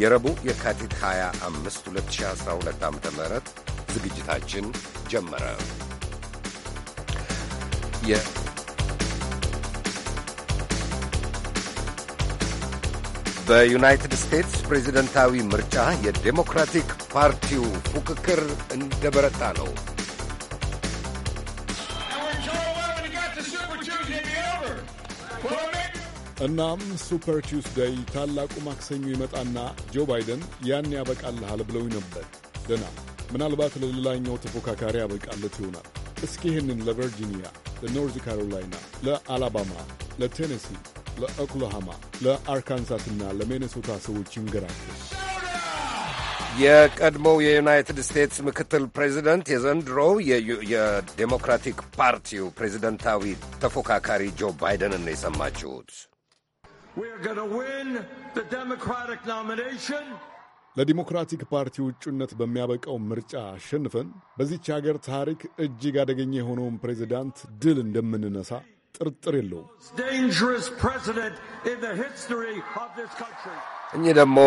የረቡዕ የካቲት 25 2012 ዓ ም ዝግጅታችን ጀመረ። በዩናይትድ ስቴትስ ፕሬዚደንታዊ ምርጫ የዴሞክራቲክ ፓርቲው ፉክክር እንደበረታ ነው። እናም ሱፐር ቱስደይ ታላቁ ማክሰኞ ይመጣና ጆ ባይደን ያን ያበቃልሃል ብለው ነበር። ደና ምናልባት ለሌላኛው ተፎካካሪ ያበቃለት ይሆናል። እስኪ ይህንን ለቨርጂኒያ፣ ለኖርዝ ካሮላይና፣ ለአላባማ፣ ለቴኔሲ፣ ለኦክላሃማ፣ ለአርካንሳስና ለሜነሶታ ሰዎች ይንገራቸው። የቀድሞው የዩናይትድ ስቴትስ ምክትል ፕሬዚደንት የዘንድሮው የዴሞክራቲክ ፓርቲው ፕሬዚደንታዊ ተፎካካሪ ጆ ባይደንን ነው የሰማችሁት። ለዲሞክራቲክ ፓርቲ ውጭነት በሚያበቃው ምርጫ አሸንፈን በዚች ሀገር ታሪክ እጅግ አደገኛ የሆነውን ፕሬዚዳንት ድል እንደምንነሳ ጥርጥር የለውም። እኚህ ደግሞ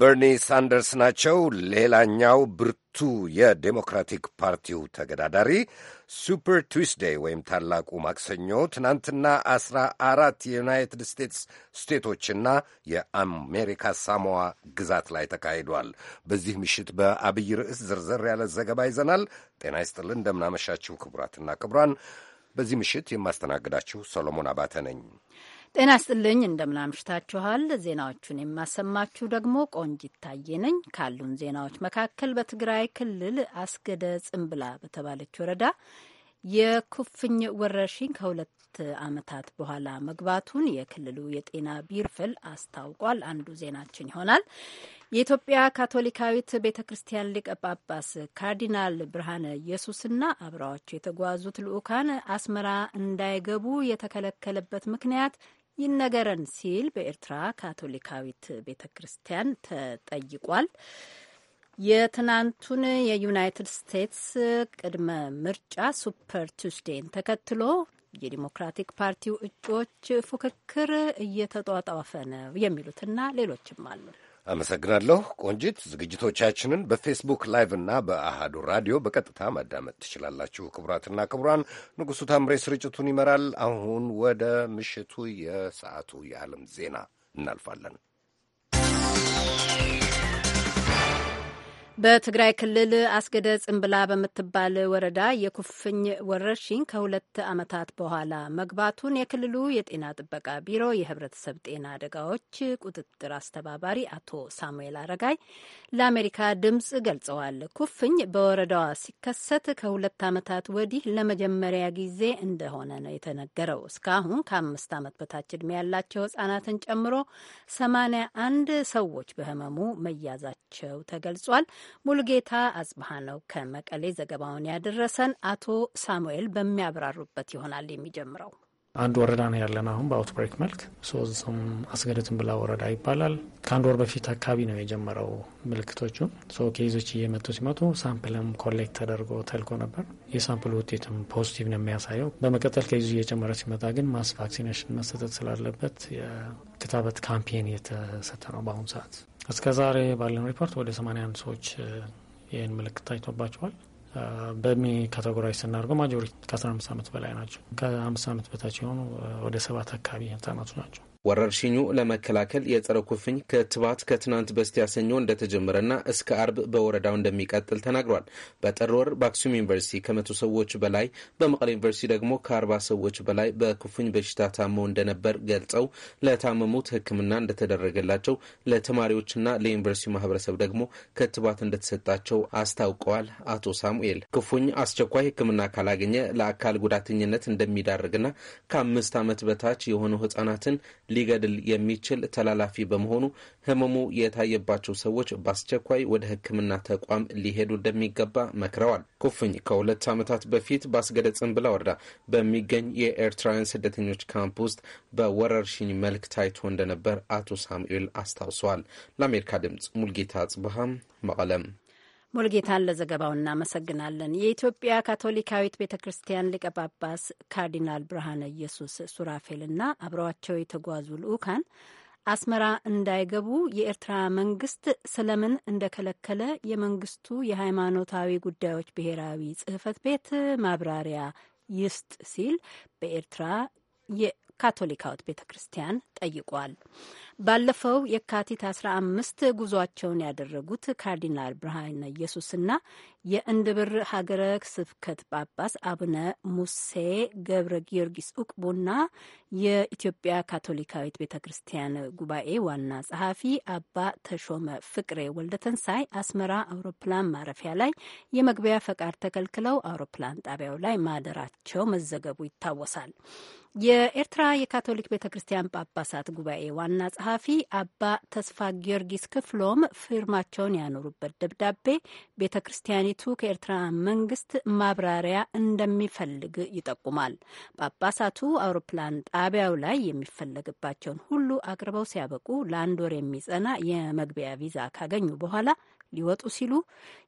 በርኒ ሳንደርስ ናቸው። ሌላኛው ብርቱ የዴሞክራቲክ ፓርቲው ተገዳዳሪ ሱፐር ትዊስዴይ ወይም ታላቁ ማክሰኞ ትናንትና አስራ አራት የዩናይትድ ስቴትስ ስቴቶችና የአሜሪካ ሳሞዋ ግዛት ላይ ተካሂዷል። በዚህ ምሽት በአብይ ርዕስ ዝርዝር ያለ ዘገባ ይዘናል። ጤና ይስጥልን፣ እንደምናመሻችሁ ክቡራትና ክቡራን። በዚህ ምሽት የማስተናግዳችሁ ሰሎሞን አባተ ነኝ። ጤና ስጥልኝ እንደምናምሽታችኋል። ዜናዎቹን የማሰማችሁ ደግሞ ቆንጅ ይታየ ነኝ። ካሉን ዜናዎች መካከል በትግራይ ክልል አስገደ ጽምብላ በተባለች ወረዳ የኩፍኝ ወረርሽኝ ከሁለት ዓመታት በኋላ መግባቱን የክልሉ የጤና ቢርፍል አስታውቋል። አንዱ ዜናችን ይሆናል። የኢትዮጵያ ካቶሊካዊት ቤተ ክርስቲያን ሊቀ ጳጳስ ካርዲናል ብርሃነ ኢየሱስና አብረዋቸው የተጓዙት ልዑካን አስመራ እንዳይገቡ የተከለከለበት ምክንያት ይነገረን ሲል በኤርትራ ካቶሊካዊት ቤተ ክርስቲያን ተጠይቋል። የትናንቱን የዩናይትድ ስቴትስ ቅድመ ምርጫ ሱፐር ቱስዴን ተከትሎ የዲሞክራቲክ ፓርቲው እጩዎች ፉክክር እየተጧጧፈ ነው የሚሉትና ሌሎችም አሉ። አመሰግናለሁ ቆንጂት። ዝግጅቶቻችንን በፌስቡክ ላይቭ እና በአሃዱ ራዲዮ በቀጥታ ማዳመጥ ትችላላችሁ። ክቡራትና ክቡራን፣ ንጉሡ ታምሬ ስርጭቱን ይመራል። አሁን ወደ ምሽቱ የሰዓቱ የዓለም ዜና እናልፋለን። በትግራይ ክልል አስገደ ጽንብላ በምትባል ወረዳ የኩፍኝ ወረርሽኝ ከሁለት ዓመታት በኋላ መግባቱን የክልሉ የጤና ጥበቃ ቢሮ የሕብረተሰብ ጤና አደጋዎች ቁጥጥር አስተባባሪ አቶ ሳሙኤል አረጋይ ለአሜሪካ ድምፅ ገልጸዋል። ኩፍኝ በወረዳዋ ሲከሰት ከሁለት ዓመታት ወዲህ ለመጀመሪያ ጊዜ እንደሆነ ነው የተነገረው። እስካሁን ከአምስት ዓመት በታች ዕድሜ ያላቸው ሕጻናትን ጨምሮ ሰማንያ አንድ ሰዎች በህመሙ መያዛቸው ተገልጿል። ሙሉጌታ አጽብሃ ነው ከመቀሌ ዘገባውን ያደረሰን። አቶ ሳሙኤል በሚያብራሩበት ይሆናል የሚጀምረው። አንድ ወረዳ ነው ያለን አሁን በአውትብሬክ መልክ ሶስም አስገደትን ብላ ወረዳ ይባላል። ከአንድ ወር በፊት አካባቢ ነው የጀመረው ምልክቶቹ። ኬዞች እየመጡ ሲመጡ ሳምፕልም ኮሌክት ተደርጎ ተልኮ ነበር። የሳምፕል ውጤትም ፖዚቲቭ ነው የሚያሳየው። በመቀጠል ከይዙ እየጨመረ ሲመጣ ግን ማስ ቫክሲኔሽን መሰጠት ስላለበት የክታበት ካምፔን የተሰጠ ነው በአሁኑ ሰዓት። እስከ ዛሬ ባለን ሪፖርት ወደ 81 ሰዎች ይህን ምልክት ታይቶባቸዋል። በሚ ካተጎራዊ ስናደርገው ማጆሪቲ ከ አምስት ዓመት በላይ ናቸው ከአምስት አመት ዓመት በታች የሆኑ ወደ ሰባት አካባቢ ህጻናቱ ናቸው። ወረርሽኙ ለመከላከል የጸረ ኩፍኝ ክትባት ከትናንት በስቲያ ሰኞ እንደተጀመረና እስከ አርብ በወረዳው እንደሚቀጥል ተናግሯል። በጥር ወር በአክሱም ዩኒቨርሲቲ ከመቶ ሰዎች በላይ በመቀሌ ዩኒቨርሲቲ ደግሞ ከአርባ ሰዎች በላይ በኩፍኝ በሽታ ታመው እንደነበር ገልጸው ለታመሙት ሕክምና እንደተደረገላቸው ለተማሪዎችና ለዩኒቨርሲቲ ማህበረሰብ ደግሞ ክትባት እንደተሰጣቸው አስታውቀዋል። አቶ ሳሙኤል ኩፍኝ አስቸኳይ ሕክምና ካላገኘ ለአካል ጉዳተኝነት እንደሚዳርግና ከአምስት ዓመት በታች የሆኑ ህጻናትን ሊገድል የሚችል ተላላፊ በመሆኑ ህመሙ የታየባቸው ሰዎች በአስቸኳይ ወደ ሕክምና ተቋም ሊሄዱ እንደሚገባ መክረዋል። ኩፍኝ ከሁለት ዓመታት በፊት በአስገደ ጽንብላ ወረዳ በሚገኝ የኤርትራውያን ስደተኞች ካምፕ ውስጥ በወረርሽኝ መልክ ታይቶ እንደነበር አቶ ሳሙኤል አስታውሰዋል። ለአሜሪካ ድምጽ ሙልጌታ አጽብሃም መቀለም ሞልጌታን ለዘገባው እናመሰግናለን። የኢትዮጵያ ካቶሊካዊት ቤተ ክርስቲያን ሊቀ ጳጳስ ካርዲናል ብርሃነ ኢየሱስ ሱራፌልና አብረዋቸው የተጓዙ ልዑካን አስመራ እንዳይገቡ የኤርትራ መንግስት ስለምን እንደከለከለ የመንግስቱ የሃይማኖታዊ ጉዳዮች ብሔራዊ ጽህፈት ቤት ማብራሪያ ይስጥ ሲል በኤርትራ ካቶሊካዊት ቤተ ክርስቲያን ጠይቋል። ባለፈው የካቲት 15 ጉዟቸውን ያደረጉት ካርዲናል ብርሃነ ኢየሱስና የእንድብር ሀገረ ስብከት ጳጳስ አቡነ ሙሴ ገብረ ጊዮርጊስ ኡቅቦና የኢትዮጵያ ካቶሊካዊት ቤተ ክርስቲያን ጉባኤ ዋና ጸሐፊ አባ ተሾመ ፍቅሬ ወልደተንሳይ አስመራ አውሮፕላን ማረፊያ ላይ የመግቢያ ፈቃድ ተከልክለው አውሮፕላን ጣቢያው ላይ ማደራቸው መዘገቡ ይታወሳል። የኤርትራ የካቶሊክ ቤተ ክርስቲያን ጳጳሳት ጉባኤ ዋና ጸሐፊ አባ ተስፋ ጊዮርጊስ ክፍሎም ፊርማቸውን ያኖሩበት ደብዳቤ ቤተ ክርስቲያኒ አገሪቱ ከኤርትራ መንግስት ማብራሪያ እንደሚፈልግ ይጠቁማል። ጳጳሳቱ አውሮፕላን ጣቢያው ላይ የሚፈለግባቸውን ሁሉ አቅርበው ሲያበቁ ለአንድ ወር የሚጸና የመግቢያ ቪዛ ካገኙ በኋላ ሊወጡ ሲሉ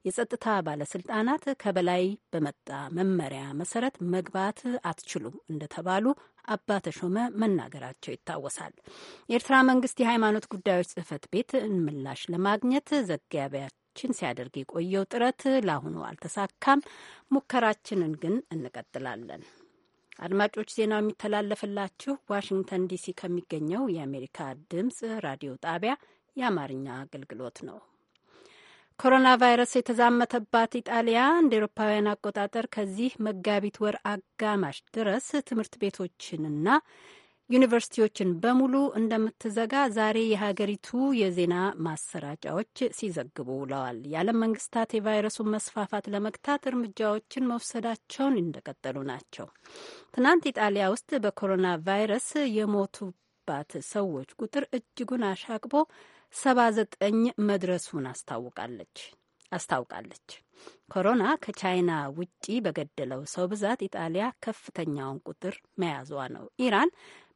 የጸጥታ ባለስልጣናት ከበላይ በመጣ መመሪያ መሰረት መግባት አትችሉም እንደተባሉ አባ ተሾመ መናገራቸው ይታወሳል። የኤርትራ መንግስት የሃይማኖት ጉዳዮች ጽህፈት ቤት ምላሽ ለማግኘት ዘጋቢያ ለማዳናችን ሲያደርግ የቆየው ጥረት ለአሁኑ አልተሳካም። ሙከራችንን ግን እንቀጥላለን። አድማጮች ዜናው የሚተላለፍላችሁ ዋሽንግተን ዲሲ ከሚገኘው የአሜሪካ ድምፅ ራዲዮ ጣቢያ የአማርኛ አገልግሎት ነው። ኮሮና ቫይረስ የተዛመተባት ኢጣሊያ እንደ ኤሮፓውያን አቆጣጠር ከዚህ መጋቢት ወር አጋማሽ ድረስ ትምህርት ቤቶችንና ዩኒቨርሲቲዎችን በሙሉ እንደምትዘጋ ዛሬ የሀገሪቱ የዜና ማሰራጫዎች ሲዘግቡ ውለዋል። የዓለም መንግስታት የቫይረሱን መስፋፋት ለመግታት እርምጃዎችን መውሰዳቸውን እንደቀጠሉ ናቸው። ትናንት ኢጣሊያ ውስጥ በኮሮና ቫይረስ የሞቱባት ሰዎች ቁጥር እጅጉን አሻቅቦ 79 መድረሱን አስታውቃለች አስታውቃለች። ኮሮና ከቻይና ውጪ በገደለው ሰው ብዛት ኢጣሊያ ከፍተኛውን ቁጥር መያዟ ነው። ኢራን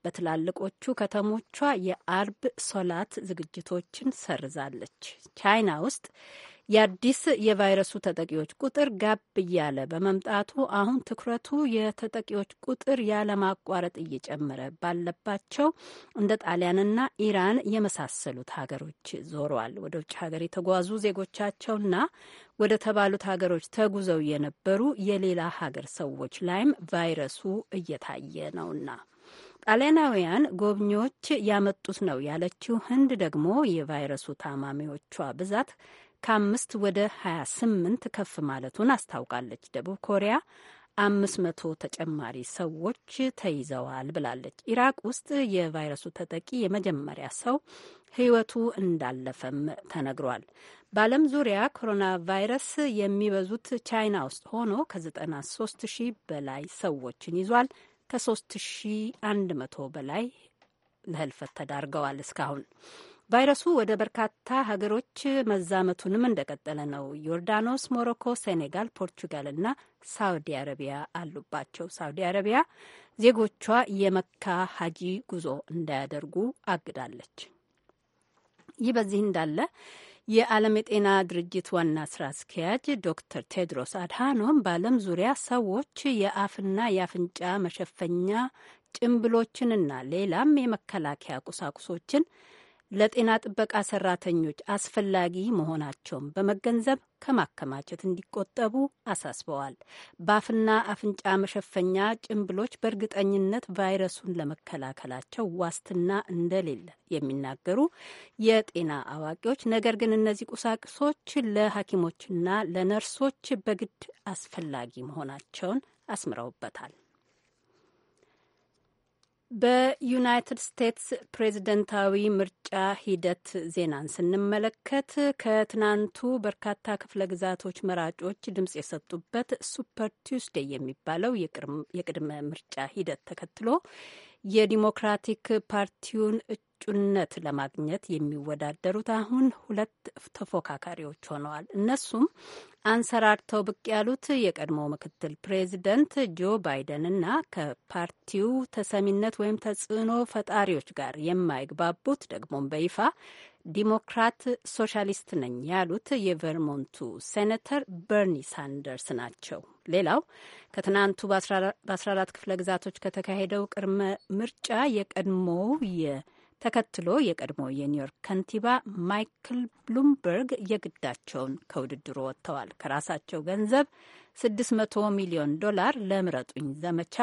በትላልቆቹ ከተሞቿ የአርብ ሶላት ዝግጅቶችን ሰርዛለች። ቻይና ውስጥ የአዲስ የቫይረሱ ተጠቂዎች ቁጥር ጋብ እያለ በመምጣቱ አሁን ትኩረቱ የተጠቂዎች ቁጥር ያለማቋረጥ እየጨመረ ባለባቸው እንደ ጣሊያንና ኢራን የመሳሰሉት ሀገሮች ዞሯል። ወደ ውጭ ሀገር የተጓዙ ዜጎቻቸውና ወደ ተባሉት ሀገሮች ተጉዘው የነበሩ የሌላ ሀገር ሰዎች ላይም ቫይረሱ እየታየ ነውና ጣሊያናውያን ጎብኚዎች ያመጡት ነው ያለችው ህንድ ደግሞ የቫይረሱ ታማሚዎቿ ብዛት ከአምስት ወደ 28 ከፍ ማለቱን አስታውቃለች። ደቡብ ኮሪያ አምስት መቶ ተጨማሪ ሰዎች ተይዘዋል ብላለች። ኢራቅ ውስጥ የቫይረሱ ተጠቂ የመጀመሪያ ሰው ህይወቱ እንዳለፈም ተነግሯል። በዓለም ዙሪያ ኮሮና ቫይረስ የሚበዙት ቻይና ውስጥ ሆኖ ከ93 ሺህ በላይ ሰዎችን ይዟል። ከ3100 በላይ ለህልፈት ተዳርገዋል። እስካሁን ቫይረሱ ወደ በርካታ ሀገሮች መዛመቱንም እንደቀጠለ ነው። ዮርዳኖስ፣ ሞሮኮ፣ ሴኔጋል፣ ፖርቹጋል እና ሳውዲ አረቢያ አሉባቸው። ሳውዲ አረቢያ ዜጎቿ የመካ ሀጂ ጉዞ እንዳያደርጉ አግዳለች። ይህ በዚህ እንዳለ የዓለም የጤና ድርጅት ዋና ስራ አስኪያጅ ዶክተር ቴድሮስ አድሃኖም በዓለም ዙሪያ ሰዎች የአፍና የአፍንጫ መሸፈኛ ጭንብሎችንና ሌላም የመከላከያ ቁሳቁሶችን ለጤና ጥበቃ ሰራተኞች አስፈላጊ መሆናቸውን በመገንዘብ ከማከማቸት እንዲቆጠቡ አሳስበዋል። በአፍና አፍንጫ መሸፈኛ ጭንብሎች በእርግጠኝነት ቫይረሱን ለመከላከላቸው ዋስትና እንደሌለ የሚናገሩ የጤና አዋቂዎች፣ ነገር ግን እነዚህ ቁሳቁሶች ለሐኪሞችና ለነርሶች በግድ አስፈላጊ መሆናቸውን አስምረውበታል። በዩናይትድ ስቴትስ ፕሬዝደንታዊ ምርጫ ሂደት ዜናን ስንመለከት ከትናንቱ በርካታ ክፍለ ግዛቶች መራጮች ድምጽ የሰጡበት ሱፐር ቲውስዴይ የሚባለው የቅድመ ምርጫ ሂደት ተከትሎ የዲሞክራቲክ ፓርቲውን እጩነት ለማግኘት የሚወዳደሩት አሁን ሁለት ተፎካካሪዎች ሆነዋል። እነሱም አንሰራርተው ብቅ ያሉት የቀድሞ ምክትል ፕሬዚደንት ጆ ባይደን እና ከፓርቲው ተሰሚነት ወይም ተጽዕኖ ፈጣሪዎች ጋር የማይግባቡት ደግሞም በይፋ ዲሞክራት ሶሻሊስት ነኝ ያሉት የቨርሞንቱ ሴኔተር በርኒ ሳንደርስ ናቸው። ሌላው ከትናንቱ በ14 ክፍለ ግዛቶች ከተካሄደው ቅድመ ምርጫ የቀድሞው ተከትሎ የቀድሞ የኒውዮርክ ከንቲባ ማይክል ብሉምበርግ የግዳቸውን ከውድድሩ ወጥተዋል። ከራሳቸው ገንዘብ 600 ሚሊዮን ዶላር ለምረጡኝ ዘመቻ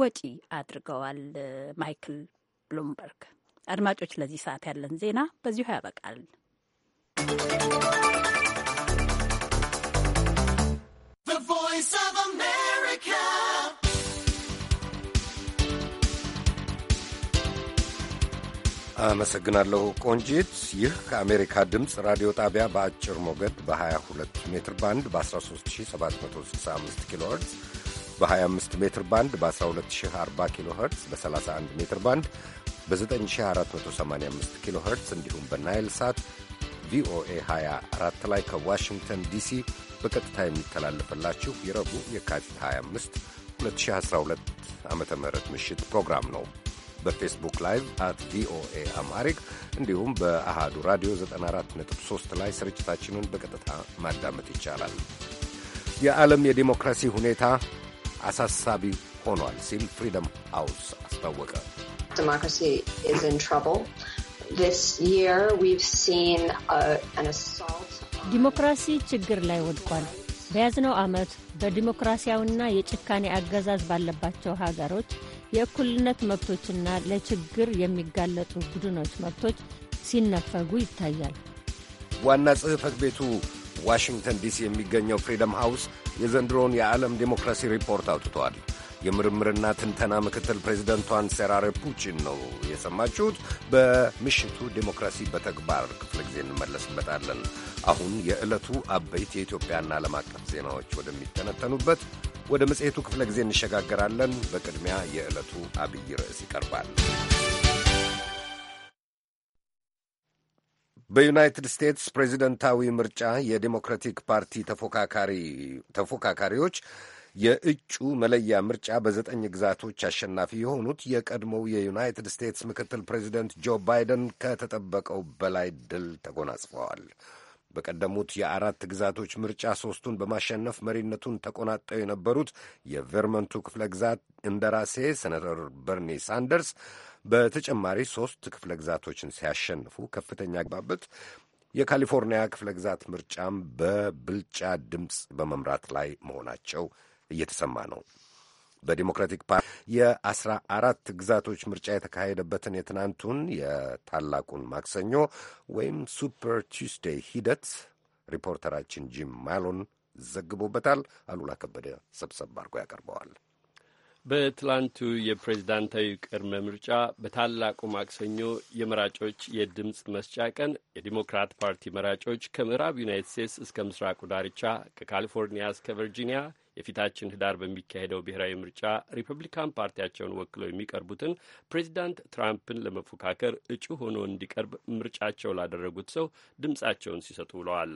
ወጪ አድርገዋል። ማይክል ብሉምበርግ። አድማጮች፣ ለዚህ ሰዓት ያለን ዜና በዚሁ ያበቃል። አመሰግናለሁ ቆንጂት። ይህ ከአሜሪካ ድምፅ ራዲዮ ጣቢያ በአጭር ሞገድ በ22 ሜትር ባንድ በ13765 ኪሎ በ25 ሜትር ባንድ በ1240 ኪሎ ሄርዝ በ31 ሜትር ባንድ በ9485 ኪሎ ሄርዝ እንዲሁም በናይል ሳት ቪኦኤ 24 ላይ ከዋሽንግተን ዲሲ በቀጥታ የሚተላለፍላችሁ የረቡዕ የካቲት 25 2012 ዓ ም ምሽት ፕሮግራም ነው። በፌስቡክ ላይቭ አት ቪኦኤ አማሪክ እንዲሁም በአሃዱ ራዲዮ 94.3 ላይ ስርጭታችንን በቀጥታ ማዳመጥ ይቻላል። የዓለም የዲሞክራሲ ሁኔታ አሳሳቢ ሆኗል ሲል ፍሪደም ሃውስ አስታወቀ። uh, ዲሞክራሲ ችግር ላይ ወድቋል። በያዝነው ዓመት በዲሞክራሲያዊና የጭካኔ አገዛዝ ባለባቸው ሀገሮች የእኩልነት መብቶችና ለችግር የሚጋለጡ ቡድኖች መብቶች ሲነፈጉ ይታያል። ዋና ጽሕፈት ቤቱ ዋሽንግተን ዲሲ የሚገኘው ፍሪደም ሃውስ የዘንድሮውን የዓለም ዴሞክራሲ ሪፖርት አውጥተዋል። የምርምርና ትንተና ምክትል ፕሬዚደንቷን ሴራሬ ፑቺን ነው የሰማችሁት። በምሽቱ ዴሞክራሲ በተግባር ክፍለ ጊዜ እንመለስበታለን። አሁን የዕለቱ አበይት የኢትዮጵያና ዓለም አቀፍ ዜናዎች ወደሚተነተኑበት ወደ መጽሔቱ ክፍለ ጊዜ እንሸጋገራለን። በቅድሚያ የዕለቱ አብይ ርዕስ ይቀርባል። በዩናይትድ ስቴትስ ፕሬዚደንታዊ ምርጫ የዴሞክራቲክ ፓርቲ ተፎካካሪዎች የእጩ መለያ ምርጫ በዘጠኝ ግዛቶች አሸናፊ የሆኑት የቀድሞው የዩናይትድ ስቴትስ ምክትል ፕሬዚደንት ጆ ባይደን ከተጠበቀው በላይ ድል ተጎናጽፈዋል። በቀደሙት የአራት ግዛቶች ምርጫ ሶስቱን በማሸነፍ መሪነቱን ተቆናጠው የነበሩት የቨርመንቱ ክፍለ ግዛት እንደራሴ ሴናተር በርኒ ሳንደርስ በተጨማሪ ሶስት ክፍለ ግዛቶችን ሲያሸንፉ ከፍተኛ ግባበት የካሊፎርኒያ ክፍለ ግዛት ምርጫም በብልጫ ድምፅ በመምራት ላይ መሆናቸው እየተሰማ ነው። በዲሞክራቲክ ፓርቲ የአስራ አራት ግዛቶች ምርጫ የተካሄደበትን የትናንቱን የታላቁን ማክሰኞ ወይም ሱፐር ቱስዴይ ሂደት ሪፖርተራችን ጂም ማሎን ዘግቦበታል። አሉላ ከበደ ሰብሰብ አድርጎ ያቀርበዋል። በትላንቱ የፕሬዝዳንታዊ ቅድመ ምርጫ በታላቁ ማክሰኞ የመራጮች የድምፅ መስጫ ቀን የዲሞክራት ፓርቲ መራጮች ከምዕራብ ዩናይት ስቴትስ እስከ ምስራቁ ዳርቻ ከካሊፎርኒያ እስከ ቨርጂኒያ የፊታችን ህዳር በሚካሄደው ብሔራዊ ምርጫ ሪፐብሊካን ፓርቲያቸውን ወክለው የሚቀርቡትን ፕሬዚዳንት ትራምፕን ለመፎካከር እጩ ሆኖ እንዲቀርብ ምርጫቸው ላደረጉት ሰው ድምፃቸውን ሲሰጡ ውለዋል።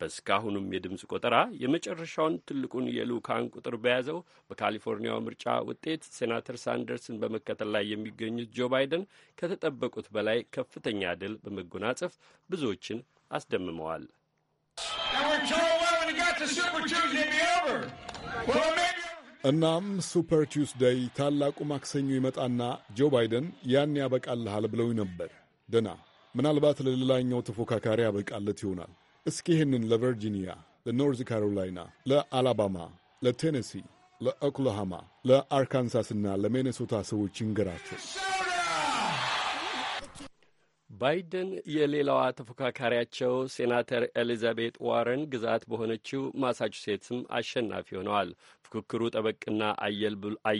በእስካሁኑም የድምፅ ቆጠራ የመጨረሻውን ትልቁን የልዑካን ቁጥር በያዘው በካሊፎርኒያው ምርጫ ውጤት ሴናተር ሳንደርስን በመከተል ላይ የሚገኙት ጆ ባይደን ከተጠበቁት በላይ ከፍተኛ ድል በመጎናጸፍ ብዙዎችን አስደምመዋል። እናም ሱፐር ቲውስዴይ ታላቁ ማክሰኞ ይመጣና ጆ ባይደን ያን ያበቃልሃል ብለው ነበር። ደና ምናልባት ለሌላኛው ተፎካካሪ ያበቃለት ይሆናል እስኪ ይህንን ለቨርጂኒያ፣ ለኖርዝ ካሮላይና፣ ለአላባማ፣ ለቴነሲ ለኦክላሃማ፣ ለአርካንሳስና ለሜኔሶታ ሰዎች ይንገራቸው። ባይደን የሌላዋ ተፎካካሪያቸው ሴናተር ኤሊዛቤት ዋረን ግዛት በሆነችው ማሳቹሴትስም አሸናፊ ሆነዋል። ፉክክሩ ጠበቅና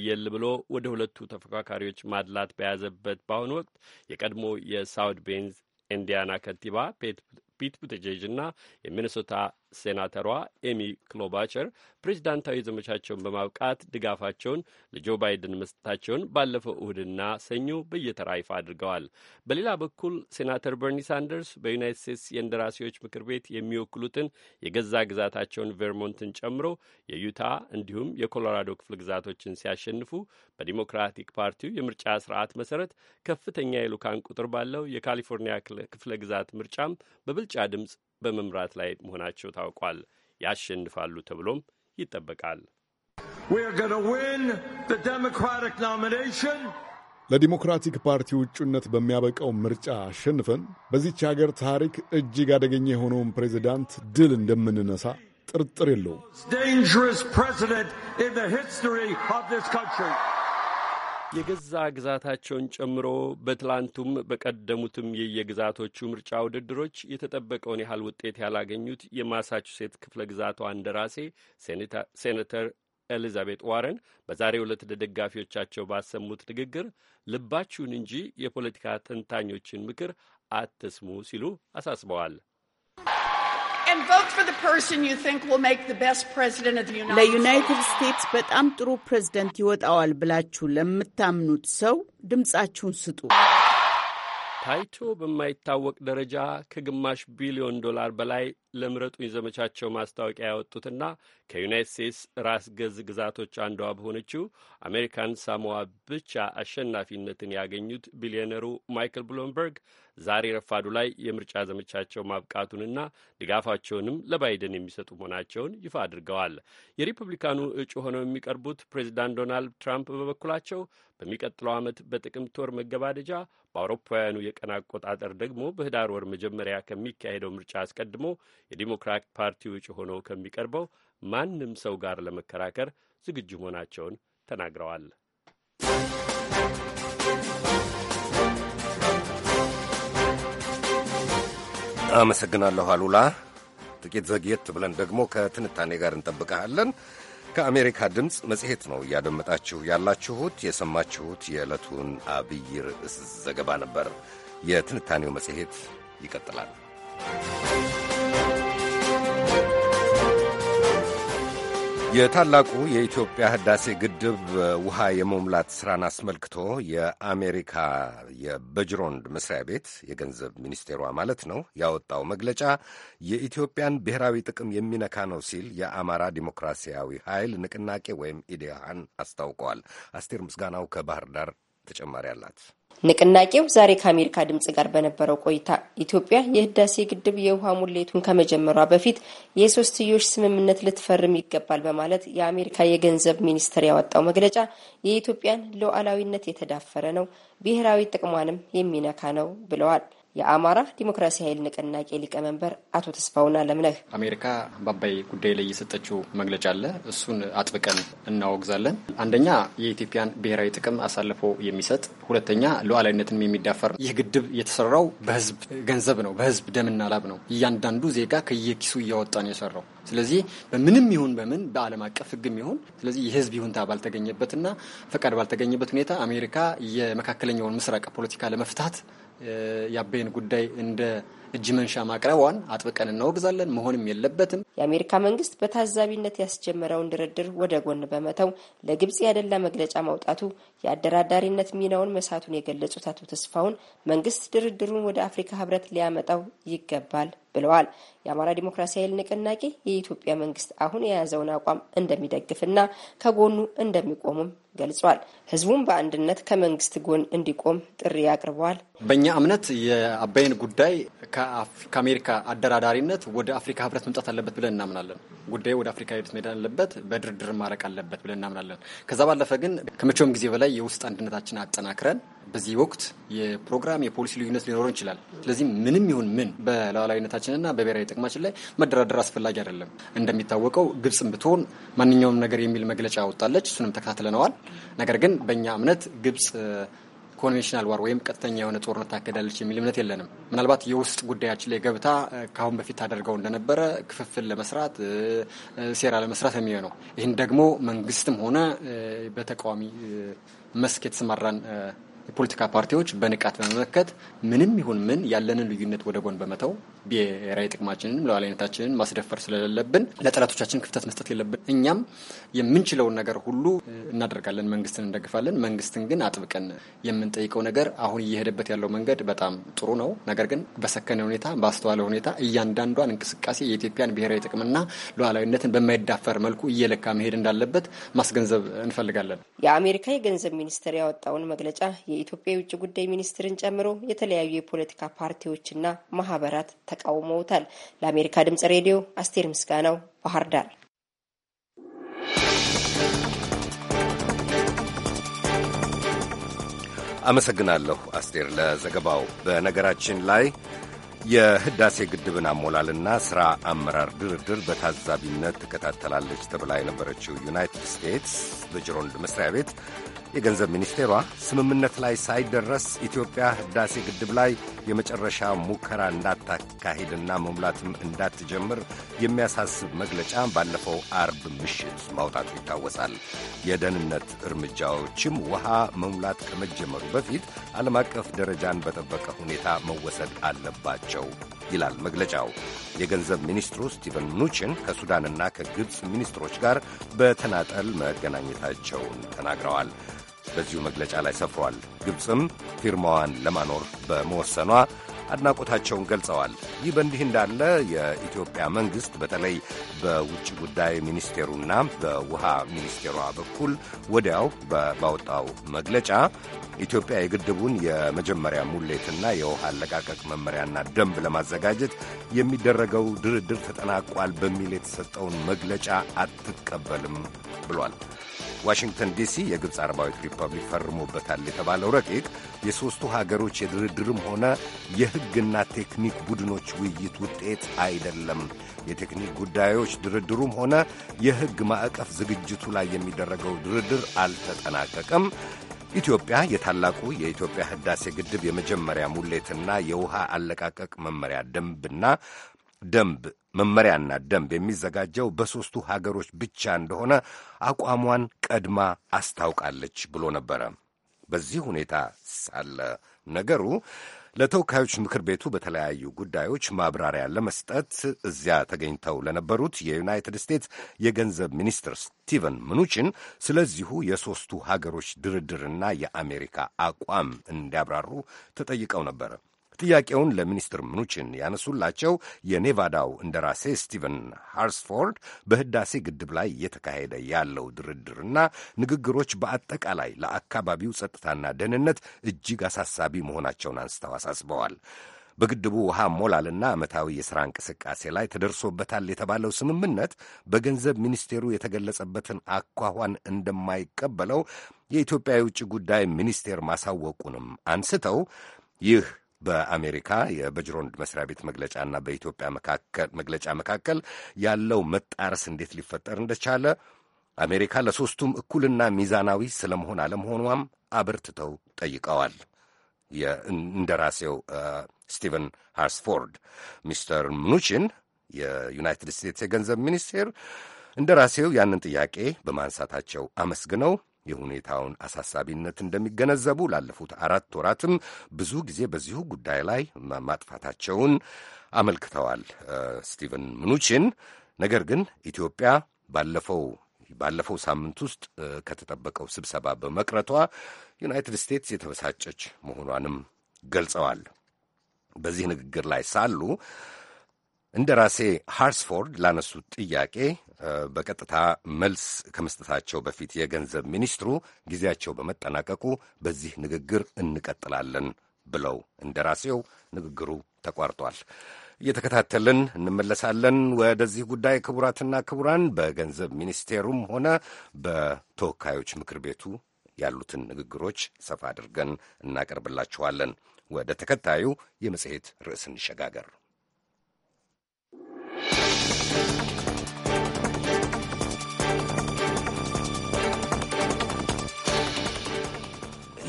አየል ብሎ ወደ ሁለቱ ተፎካካሪዎች ማድላት በያዘበት በአሁኑ ወቅት የቀድሞ የሳውድ ቤንዝ ኢንዲያና ከንቲባ ፒት ቡተጀጅ እና የሚኒሶታ ሴናተሯ ኤሚ ክሎባቸር ፕሬዚዳንታዊ ዘመቻቸውን በማብቃት ድጋፋቸውን ለጆ ባይደን መስጠታቸውን ባለፈው እሁድና ሰኞ በየተራ ይፋ አድርገዋል። በሌላ በኩል ሴናተር በርኒ ሳንደርስ በዩናይት ስቴትስ የእንደራሴዎች ምክር ቤት የሚወክሉትን የገዛ ግዛታቸውን ቬርሞንትን ጨምሮ የዩታ እንዲሁም የኮሎራዶ ክፍለ ግዛቶችን ሲያሸንፉ በዲሞክራቲክ ፓርቲው የምርጫ ስርዓት መሰረት ከፍተኛ የሉካን ቁጥር ባለው የካሊፎርኒያ ክፍለ ግዛት ምርጫም በብልጫ ድምፅ በመምራት ላይ መሆናቸው ታውቋል። ያሸንፋሉ ተብሎም ይጠበቃል። ለዲሞክራቲክ ፓርቲ ውጭነት በሚያበቃው ምርጫ አሸንፈን በዚች ሀገር ታሪክ እጅግ አደገኛ የሆነውን ፕሬዚዳንት ድል እንደምንነሳ ጥርጥር የለውም። የገዛ ግዛታቸውን ጨምሮ በትላንቱም በቀደሙትም የየግዛቶቹ ምርጫ ውድድሮች የተጠበቀውን ያህል ውጤት ያላገኙት የማሳቹሴት ክፍለ ግዛቷ እንደራሴ ሴኔተር ኤሊዛቤት ዋረን በዛሬ ዕለት ለደጋፊዎቻቸው ባሰሙት ንግግር ልባችሁን እንጂ የፖለቲካ ተንታኞችን ምክር አትስሙ ሲሉ አሳስበዋል። ለዩናይትድ ስቴትስ በጣም ጥሩ ፕሬዝደንት ይወጣዋል ብላችሁ ለምታምኑት ሰው ድምፃችሁን ስጡ። ታይቶ በማይታወቅ ደረጃ ከግማሽ ቢሊዮን ዶላር በላይ ለምረጡኝ ዘመቻቸው ማስታወቂያ ያወጡትና ከዩናይት ስቴትስ ራስ ገዝ ግዛቶች አንዷ በሆነችው አሜሪካን ሳሞዋ ብቻ አሸናፊነትን ያገኙት ቢሊዮነሩ ማይክል ብሎምበርግ ዛሬ ረፋዱ ላይ የምርጫ ዘመቻቸው ማብቃቱንና ድጋፋቸውንም ለባይደን የሚሰጡ መሆናቸውን ይፋ አድርገዋል። የሪፐብሊካኑ እጩ ሆነው የሚቀርቡት ፕሬዚዳንት ዶናልድ ትራምፕ በበኩላቸው በሚቀጥለው ዓመት በጥቅምት ወር መገባደጃ በአውሮፓውያኑ የቀን አቆጣጠር ደግሞ በህዳር ወር መጀመሪያ ከሚካሄደው ምርጫ አስቀድሞ የዲሞክራት ፓርቲው እጩ ሆኖ ከሚቀርበው ማንም ሰው ጋር ለመከራከር ዝግጁ መሆናቸውን ተናግረዋል። አመሰግናለሁ አሉላ። ጥቂት ዘግየት ብለን ደግሞ ከትንታኔ ጋር እንጠብቀሃለን። ከአሜሪካ ድምፅ መጽሔት ነው እያደመጣችሁ ያላችሁት። የሰማችሁት የዕለቱን አብይ ርዕስ ዘገባ ነበር። የትንታኔው መጽሔት ይቀጥላል። የታላቁ የኢትዮጵያ ህዳሴ ግድብ ውሃ የመሙላት ሥራን አስመልክቶ የአሜሪካ የበጅሮንድ መስሪያ ቤት የገንዘብ ሚኒስቴሯ ማለት ነው ያወጣው መግለጫ የኢትዮጵያን ብሔራዊ ጥቅም የሚነካ ነው ሲል የአማራ ዲሞክራሲያዊ ኃይል ንቅናቄ ወይም ኢዴሃን አስታውቀዋል። አስቴር ምስጋናው ከባህር ዳር ተጨማሪ አላት። ንቅናቄው ዛሬ ከአሜሪካ ድምጽ ጋር በነበረው ቆይታ ኢትዮጵያ የህዳሴ ግድብ የውሃ ሙሌቱን ከመጀመሯ በፊት የሶስትዮሽ ስምምነት ልትፈርም ይገባል በማለት የአሜሪካ የገንዘብ ሚኒስቴር ያወጣው መግለጫ የኢትዮጵያን ሉዓላዊነት የተዳፈረ ነው፣ ብሔራዊ ጥቅሟንም የሚነካ ነው ብለዋል። የአማራ ዲሞክራሲ ኃይል ንቅናቄ ሊቀመንበር አቶ ተስፋውን አለምነህ አሜሪካ በአባይ ጉዳይ ላይ የሰጠችው መግለጫ አለ። እሱን አጥብቀን እናወግዛለን። አንደኛ የኢትዮጵያን ብሔራዊ ጥቅም አሳልፎ የሚሰጥ ሁለተኛ ሉዓላዊነትንም የሚዳፈር ይህ ግድብ የተሰራው በህዝብ ገንዘብ ነው፣ በህዝብ ደምና ላብ ነው። እያንዳንዱ ዜጋ ከየኪሱ እያወጣ ነው የሰራው። ስለዚህ በምንም ይሁን በምን በዓለም አቀፍ ህግም ይሁን ስለዚህ የህዝብ ይሁንታ ባልተገኘበትና ፈቃድ ባልተገኘበት ሁኔታ አሜሪካ የመካከለኛውን ምስራቅ ፖለቲካ ለመፍታት የአባይን ጉዳይ እንደ እጅ መንሻ ማቅረቧን አጥብቀን እናወግዛለን። መሆንም የለበትም። የአሜሪካ መንግስት በታዛቢነት ያስጀመረውን ድርድር ወደ ጎን በመተው ለግብጽ ያደላ መግለጫ ማውጣቱ የአደራዳሪነት ሚናውን መሳቱን የገለጹት አቶ ተስፋውን መንግስት ድርድሩን ወደ አፍሪካ ህብረት ሊያመጣው ይገባል ብለዋል። የአማራ ዲሞክራሲያዊ ኃይል ንቅናቄ የኢትዮጵያ መንግስት አሁን የያዘውን አቋም እንደሚደግፍና ከጎኑ እንደሚቆሙም ገልጿል። ህዝቡም በአንድነት ከመንግስት ጎን እንዲቆም ጥሪ አቅርበዋል። በእኛ እምነት የአባይን ጉዳይ ከአሜሪካ አደራዳሪነት ወደ አፍሪካ ህብረት መምጣት አለበት ብለን እናምናለን። ጉዳዩ ወደ አፍሪካ ህብረት መሄድ አለበት፣ በድርድር ማረቅ አለበት ብለን እናምናለን። ከዛ ባለፈ ግን ከመቼውም ጊዜ በላይ የውስጥ አንድነታችን አጠናክረን በዚህ ወቅት የፕሮግራም የፖሊሲ ልዩነት ሊኖረን ይችላል። ስለዚህ ምንም ይሁን ምን በሉዓላዊነታችንና በብሔራዊ ጥቅማችን ላይ መደራደር አስፈላጊ አይደለም። እንደሚታወቀው ግብጽም ብትሆን ማንኛውም ነገር የሚል መግለጫ ወጣለች። እሱንም ተከታትለነዋል። ነገር ግን በእኛ እምነት ግብፅ ኮንቬንሽናል ዋር ወይም ቀጥተኛ የሆነ ጦርነት ታካሄዳለች የሚል እምነት የለንም። ምናልባት የውስጥ ጉዳያችን ላይ ገብታ ከአሁን በፊት ታደርገው እንደነበረ ክፍፍል ለመስራት ሴራ ለመስራት የሚሆነው ይህን ደግሞ መንግስትም ሆነ በተቃዋሚ መስክ የተሰማራን የፖለቲካ ፓርቲዎች በንቃት በመመከት ምንም ይሁን ምን ያለንን ልዩነት ወደ ጎን በመተው ብሔራዊ ጥቅማችንን ሉዓላዊነታችንን ማስደፈር ስለሌለብን ለጠላቶቻችን ክፍተት መስጠት የለብን። እኛም የምንችለውን ነገር ሁሉ እናደርጋለን፣ መንግስትን እንደግፋለን። መንግስትን ግን አጥብቀን የምንጠይቀው ነገር አሁን እየሄደበት ያለው መንገድ በጣም ጥሩ ነው። ነገር ግን በሰከነ ሁኔታ በአስተዋለ ሁኔታ እያንዳንዷን እንቅስቃሴ የኢትዮጵያን ብሔራዊ ጥቅምና ሉዓላዊነትን በማይዳፈር መልኩ እየለካ መሄድ እንዳለበት ማስገንዘብ እንፈልጋለን። የአሜሪካ የገንዘብ ሚኒስቴር ያወጣውን መግለጫ የኢትዮጵያ የውጭ ጉዳይ ሚኒስትርን ጨምሮ የተለያዩ የፖለቲካ ፓርቲዎችና ማህበራት ተቃውመውታል። ለአሜሪካ ድምጽ ሬዲዮ አስቴር ምስጋናው ባህር ዳር። አመሰግናለሁ አስቴር ለዘገባው። በነገራችን ላይ የህዳሴ ግድብን አሞላልና ሥራ አመራር ድርድር በታዛቢነት ትከታተላለች ተብላ የነበረችው ዩናይትድ ስቴትስ በጅሮንድ መስሪያ ቤት የገንዘብ ሚኒስቴሯ ስምምነት ላይ ሳይደረስ ኢትዮጵያ ህዳሴ ግድብ ላይ የመጨረሻ ሙከራ እንዳታካሂድና መሙላትም እንዳትጀምር የሚያሳስብ መግለጫ ባለፈው አርብ ምሽት ማውጣቱ ይታወሳል። የደህንነት እርምጃዎችም ውሃ መሙላት ከመጀመሩ በፊት ዓለም አቀፍ ደረጃን በጠበቀ ሁኔታ መወሰድ አለባቸው ይላል መግለጫው። የገንዘብ ሚኒስትሩ ስቲቨን ኑችን ከሱዳንና ከግብፅ ሚኒስትሮች ጋር በተናጠል መገናኘታቸውን ተናግረዋል። በዚሁ መግለጫ ላይ ሰፍሯል። ግብፅም ፊርማዋን ለማኖር በመወሰኗ አድናቆታቸውን ገልጸዋል። ይህ በእንዲህ እንዳለ የኢትዮጵያ መንግሥት በተለይ በውጭ ጉዳይ ሚኒስቴሩና በውሃ ሚኒስቴሯ በኩል ወዲያው ባወጣው መግለጫ ኢትዮጵያ የግድቡን የመጀመሪያ ሙሌትና የውሃ አለቃቀቅ መመሪያና ደንብ ለማዘጋጀት የሚደረገው ድርድር ተጠናቋል በሚል የተሰጠውን መግለጫ አትቀበልም ብሏል። ዋሽንግተን ዲሲ የግብፅ አረባዊት ሪፐብሊክ ፈርሞበታል የተባለው ረቂቅ የሦስቱ ሀገሮች የድርድርም ሆነ የሕግና ቴክኒክ ቡድኖች ውይይት ውጤት አይደለም። የቴክኒክ ጉዳዮች ድርድሩም ሆነ የሕግ ማዕቀፍ ዝግጅቱ ላይ የሚደረገው ድርድር አልተጠናቀቀም። ኢትዮጵያ የታላቁ የኢትዮጵያ ህዳሴ ግድብ የመጀመሪያ ሙሌትና የውሃ አለቃቀቅ መመሪያ ደንብና ደንብ መመሪያና ደንብ የሚዘጋጀው በሦስቱ ሀገሮች ብቻ እንደሆነ አቋሟን ቀድማ አስታውቃለች ብሎ ነበረ። በዚህ ሁኔታ ሳለ ነገሩ ለተወካዮች ምክር ቤቱ በተለያዩ ጉዳዮች ማብራሪያ ለመስጠት እዚያ ተገኝተው ለነበሩት የዩናይትድ ስቴትስ የገንዘብ ሚኒስትር ስቲቨን ምኑችን ስለዚሁ የሦስቱ ሀገሮች ድርድርና የአሜሪካ አቋም እንዲያብራሩ ተጠይቀው ነበረ። ጥያቄውን ለሚኒስትር ምኑችን ያነሱላቸው የኔቫዳው እንደራሴ ስቲቨን ሃርስፎርድ በህዳሴ ግድብ ላይ እየተካሄደ ያለው ድርድርና ንግግሮች በአጠቃላይ ለአካባቢው ጸጥታና ደህንነት እጅግ አሳሳቢ መሆናቸውን አንስተው አሳስበዋል። በግድቡ ውሃ ሞላልና ዓመታዊ የሥራ እንቅስቃሴ ላይ ተደርሶበታል የተባለው ስምምነት በገንዘብ ሚኒስቴሩ የተገለጸበትን አኳኋን እንደማይቀበለው የኢትዮጵያ የውጭ ጉዳይ ሚኒስቴር ማሳወቁንም አንስተው ይህ በአሜሪካ የበጅሮንድ መስሪያ ቤት መግለጫና በኢትዮጵያ መግለጫ መካከል ያለው መጣረስ እንዴት ሊፈጠር እንደቻለ አሜሪካ ለሦስቱም እኩልና ሚዛናዊ ስለመሆን አለመሆኗም አበርትተው ጠይቀዋል። እንደራሴው ስቲቨን ሃርስፎርድ ሚስተር ምኑቺን የዩናይትድ ስቴትስ የገንዘብ ሚኒስቴር እንደራሴው ያንን ጥያቄ በማንሳታቸው አመስግነው የሁኔታውን አሳሳቢነት እንደሚገነዘቡ ላለፉት አራት ወራትም ብዙ ጊዜ በዚሁ ጉዳይ ላይ ማጥፋታቸውን አመልክተዋል ስቲቨን ምኑቺን። ነገር ግን ኢትዮጵያ ባለፈው ባለፈው ሳምንት ውስጥ ከተጠበቀው ስብሰባ በመቅረቷ ዩናይትድ ስቴትስ የተበሳጨች መሆኗንም ገልጸዋል። በዚህ ንግግር ላይ ሳሉ እንደ ራሴ ሃርስፎርድ ላነሱት ጥያቄ በቀጥታ መልስ ከመስጠታቸው በፊት የገንዘብ ሚኒስትሩ ጊዜያቸው በመጠናቀቁ በዚህ ንግግር እንቀጥላለን ብለው እንደራሴው ንግግሩ ተቋርጧል። እየተከታተልን እንመለሳለን ወደዚህ ጉዳይ። ክቡራትና ክቡራን በገንዘብ ሚኒስቴሩም ሆነ በተወካዮች ምክር ቤቱ ያሉትን ንግግሮች ሰፋ አድርገን እናቀርብላችኋለን። ወደ ተከታዩ የመጽሔት ርዕስ እንሸጋገር።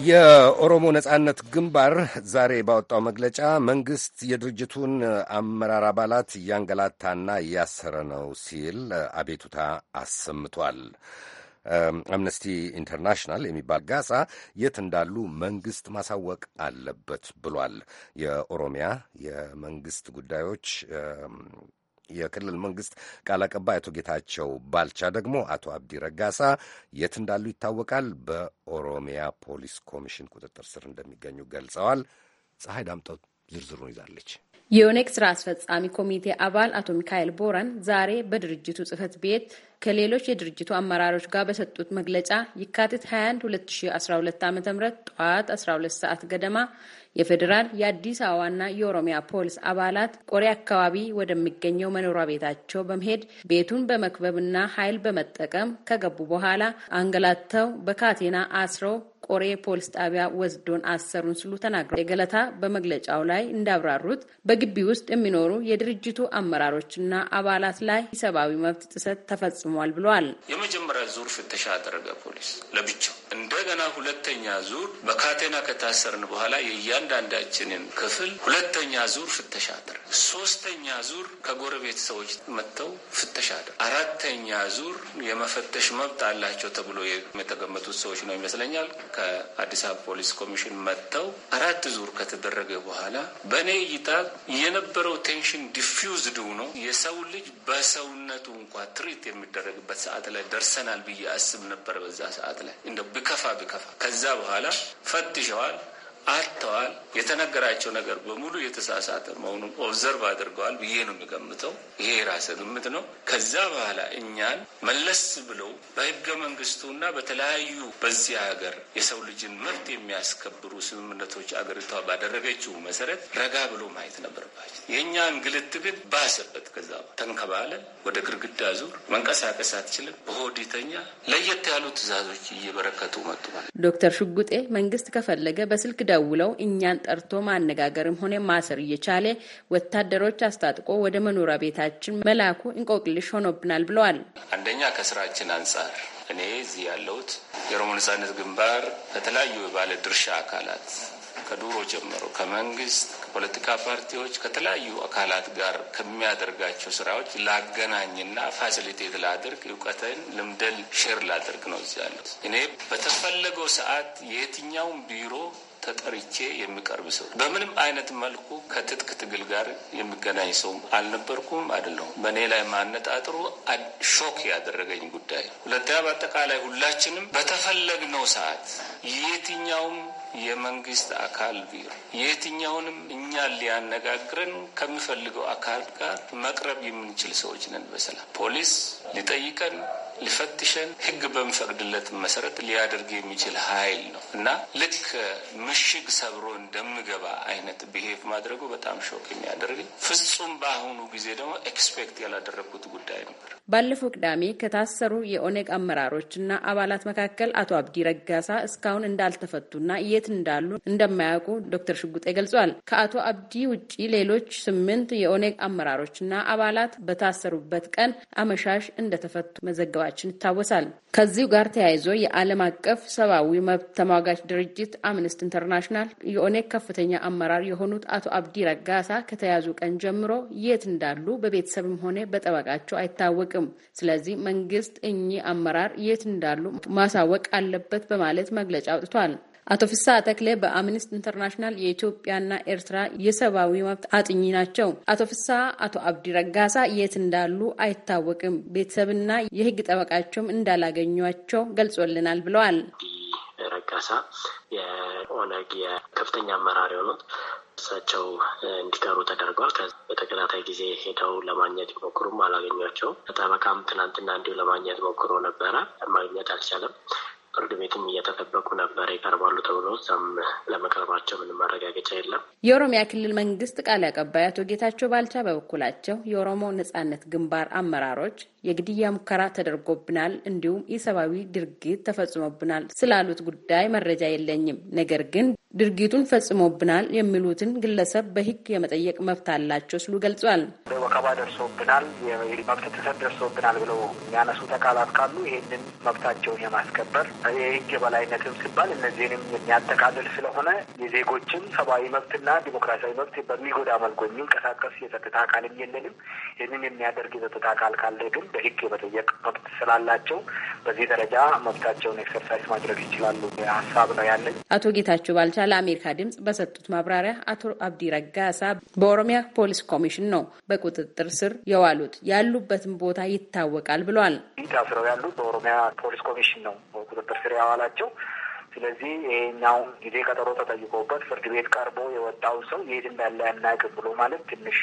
የኦሮሞ ነጻነት ግንባር ዛሬ ባወጣው መግለጫ መንግስት የድርጅቱን አመራር አባላት እያንገላታና እያሰረ ነው ሲል አቤቱታ አሰምቷል። አምነስቲ ኢንተርናሽናል የሚባል ጋሳ የት እንዳሉ መንግስት ማሳወቅ አለበት ብሏል። የኦሮሚያ የመንግስት ጉዳዮች የክልል መንግስት ቃል አቀባይ አቶ ጌታቸው ባልቻ ደግሞ አቶ አብዲ ረጋሳ የት እንዳሉ ይታወቃል፣ በኦሮሚያ ፖሊስ ኮሚሽን ቁጥጥር ስር እንደሚገኙ ገልጸዋል። ፀሐይ ዳምጠው ዝርዝሩን ይዛለች። የኦኔግ ስራ አስፈጻሚ ኮሚቴ አባል አቶ ሚካኤል ቦረን ዛሬ በድርጅቱ ጽህፈት ቤት ከሌሎች የድርጅቱ አመራሮች ጋር በሰጡት መግለጫ የካቲት 21 2012 ዓ ም ጠዋት 12 ሰዓት ገደማ የፌዴራል የአዲስ አበባና የኦሮሚያ ፖሊስ አባላት ቆሬ አካባቢ ወደሚገኘው መኖሪያ ቤታቸው በመሄድ ቤቱን በመክበብና ኃይል በመጠቀም ከገቡ በኋላ አንገላተው በካቴና አስረው ቆሬ ፖሊስ ጣቢያ ወስዶን አሰሩን ሲሉ ተናግረዋል። የገለታ በመግለጫው ላይ እንዳብራሩት በግቢ ውስጥ የሚኖሩ የድርጅቱ አመራሮችና አባላት ላይ ሰብአዊ መብት ጥሰት ተፈጽሟል ብለዋል። የመጀመሪያ ዙር ፍተሻ አደረገ ፖሊስ ለብቻው። እንደገና ሁለተኛ ዙር በካቴና ከታሰርን በኋላ የእያንዳንዳችንን ክፍል ሁለተኛ ዙር ፍተሻ አደረገ። ሶስተኛ ዙር ከጎረቤት ሰዎች መጥተው ፍተሻ አደረገ። አራተኛ ዙር የመፈተሽ መብት አላቸው ተብሎ የተገመቱት ሰዎች ነው ይመስለኛል ከአዲስ አበባ ፖሊስ ኮሚሽን መጥተው አራት ዙር ከተደረገ በኋላ በእኔ እይታ የነበረው ቴንሽን ዲፊውዝድ ሆኖ የሰው ልጅ በሰውነቱ እንኳ ትሪት የሚደረግበት ሰዓት ላይ ደርሰናል ብዬ አስብ ነበር። በዛ ሰዓት ላይ እንደው ብከፋ ብከፋ ከዛ በኋላ ፈትሸዋል። አጥተዋል። የተነገራቸው ነገር በሙሉ የተሳሳተ መሆኑን ኦብዘርቭ አድርገዋል ብዬ ነው የሚገምተው። ይሄ የራሰ ግምት ነው። ከዛ በኋላ እኛን መለስ ብለው በህገ መንግስቱና በተለያዩ በዚህ ሀገር የሰው ልጅን መብት የሚያስከብሩ ስምምነቶች አገሪቷ ባደረገችው መሰረት ረጋ ብሎ ማየት ነበረባቸው። የእኛ እንግልት ግን ባሰበት። ከዛ ተንከባለ፣ ወደ ግርግዳ ዙር፣ መንቀሳቀስ አትችልም፣ በሆዲተኛ ለየት ያሉ ትእዛዞች እየበረከቱ መጡ። ዶክተር ሽጉጤ መንግስት ከፈለገ በስልክ ዳ ደውለው እኛን ጠርቶ ማነጋገርም ሆነ ማሰር እየቻለ ወታደሮች አስታጥቆ ወደ መኖሪያ ቤታችን መላኩ እንቆቅልሽ ሆኖብናል ብለዋል። አንደኛ ከስራችን አንጻር እኔ እዚህ ያለሁት የኦሮሞ ነጻነት ግንባር ከተለያዩ የባለ ድርሻ አካላት ከዱሮ ጀምሮ ከመንግስት፣ ከፖለቲካ ፓርቲዎች፣ ከተለያዩ አካላት ጋር ከሚያደርጋቸው ስራዎች ላገናኝና ፋሲሊቴት ላድርግ፣ እውቀትን ልምደል ሼር ላድርግ ነው እዚህ ያለሁት። እኔ በተፈለገው ሰዓት የትኛውን ቢሮ ተጠርቼ የሚቀርብ ሰው በምንም አይነት መልኩ ከትጥቅ ትግል ጋር የሚገናኝ ሰው አልነበርኩም፣ አይደለሁም። በእኔ ላይ ማነጣጥሩ ሾክ ያደረገኝ ጉዳይ። ሁለተኛ በአጠቃላይ ሁላችንም በተፈለግነው ሰዓት የትኛውም የመንግስት አካል ቢሮ የትኛውንም እኛን ሊያነጋግረን ከሚፈልገው አካል ጋር መቅረብ የምንችል ሰዎች ነን። በሰላም ፖሊስ ሊጠይቀን ሊፈትሸን ህግ በሚፈቅድለት መሰረት ሊያደርግ የሚችል ኃይል ነው እና ልክ ምሽግ ሰብሮ እንደምገባ አይነት ብሄፍ ማድረጉ በጣም ሾክ የሚያደርግ ፍጹም በአሁኑ ጊዜ ደግሞ ኤክስፔክት ያላደረግኩት ጉዳይ ነበር። ባለፈው ቅዳሜ ከታሰሩ የኦነግ አመራሮችና አባላት መካከል አቶ አብዲ ረጋሳ እስካሁን እንዳልተፈቱና የት እንዳሉ እንደማያውቁ ዶክተር ሽጉጤ ገልጿል። ከአቶ አብዲ ውጪ ሌሎች ስምንት የኦነግ አመራሮችና አባላት በታሰሩበት ቀን አመሻሽ እንደተፈቱ መዘገባል። መኖራችን ይታወሳል። ከዚሁ ጋር ተያይዞ የዓለም አቀፍ ሰብአዊ መብት ተሟጋች ድርጅት አምነስቲ ኢንተርናሽናል የኦነግ ከፍተኛ አመራር የሆኑት አቶ አብዲ ረጋሳ ከተያዙ ቀን ጀምሮ የት እንዳሉ በቤተሰብም ሆነ በጠበቃቸው አይታወቅም። ስለዚህ መንግስት እኚህ አመራር የት እንዳሉ ማሳወቅ አለበት በማለት መግለጫ አውጥቷል። አቶ ፍስሐ ተክሌ በአምነስቲ ኢንተርናሽናል የኢትዮጵያና ኤርትራ የሰብአዊ መብት አጥኚ ናቸው። አቶ ፍስሐ አቶ አብዲ ረጋሳ የት እንዳሉ አይታወቅም፣ ቤተሰብና የህግ ጠበቃቸውም እንዳላገኟቸው ገልጾልናል ብለዋል። ረጋሳ የኦነግ የከፍተኛ አመራር የሆኑት እሳቸው እንዲቀሩ ተደርጓል። በተከታታይ ጊዜ ሄደው ለማግኘት ቢሞክሩም አላገኟቸውም። ጠበቃም ትናንትና እንዲሁ ለማግኘት ሞክሮ ነበረ፣ ማግኘት አልቻለም። ፍርድ ቤትም እየተጠበቁ ነበር ይቀርባሉ ተብሎ እዛም ለመቅረባቸው ምንም ማረጋገጫ የለም። የኦሮሚያ ክልል መንግስት ቃል አቀባይ አቶ ጌታቸው ባልቻ በበኩላቸው የኦሮሞ ነጻነት ግንባር አመራሮች የግድያ ሙከራ ተደርጎብናል፣ እንዲሁም ኢሰብአዊ ድርጊት ተፈጽሞብናል ስላሉት ጉዳይ መረጃ የለኝም። ነገር ግን ድርጊቱን ፈጽሞብናል የሚሉትን ግለሰብ በሕግ የመጠየቅ መብት አላቸው ሲሉ ገልጿል። ወከባ ደርሶብናል፣ መብት ጥሰት ደርሶብናል ብለው የሚያነሱት አካላት ካሉ ይህንን መብታቸውን የማስከበር የሕግ የበላይነትም ሲባል እነዚህንም የሚያጠቃልል ስለሆነ የዜጎችን ሰብአዊ መብትና ዲሞክራሲያዊ መብት በሚጎዳ መልኩ የሚንቀሳቀስ የጸጥታ አካልም የለንም። ይህንን የሚያደርግ የጸጥታ አካል ካለ ግን በህግ የመጠየቅ መብት ስላላቸው በዚህ ደረጃ መብታቸውን ኤክሰርሳይዝ ማድረግ ይችላሉ ሀሳብ ነው ያለኝ። አቶ ጌታቸው ባልቻ ለአሜሪካ ድምጽ በሰጡት ማብራሪያ አቶ አብዲ ረጋሳ በኦሮሚያ ፖሊስ ኮሚሽን ነው በቁጥጥር ስር የዋሉት ያሉበትን ቦታ ይታወቃል ብሏል። ታስረው ያሉት በኦሮሚያ ፖሊስ ኮሚሽን ነው በቁጥጥር ስር ያዋላቸው። ስለዚህ ይሄኛው ጊዜ ቀጠሮ ተጠይቆበት ፍርድ ቤት ቀርቦ የወጣው ሰው የት እንዳለ አናውቅም ብሎ ማለት ትንሽ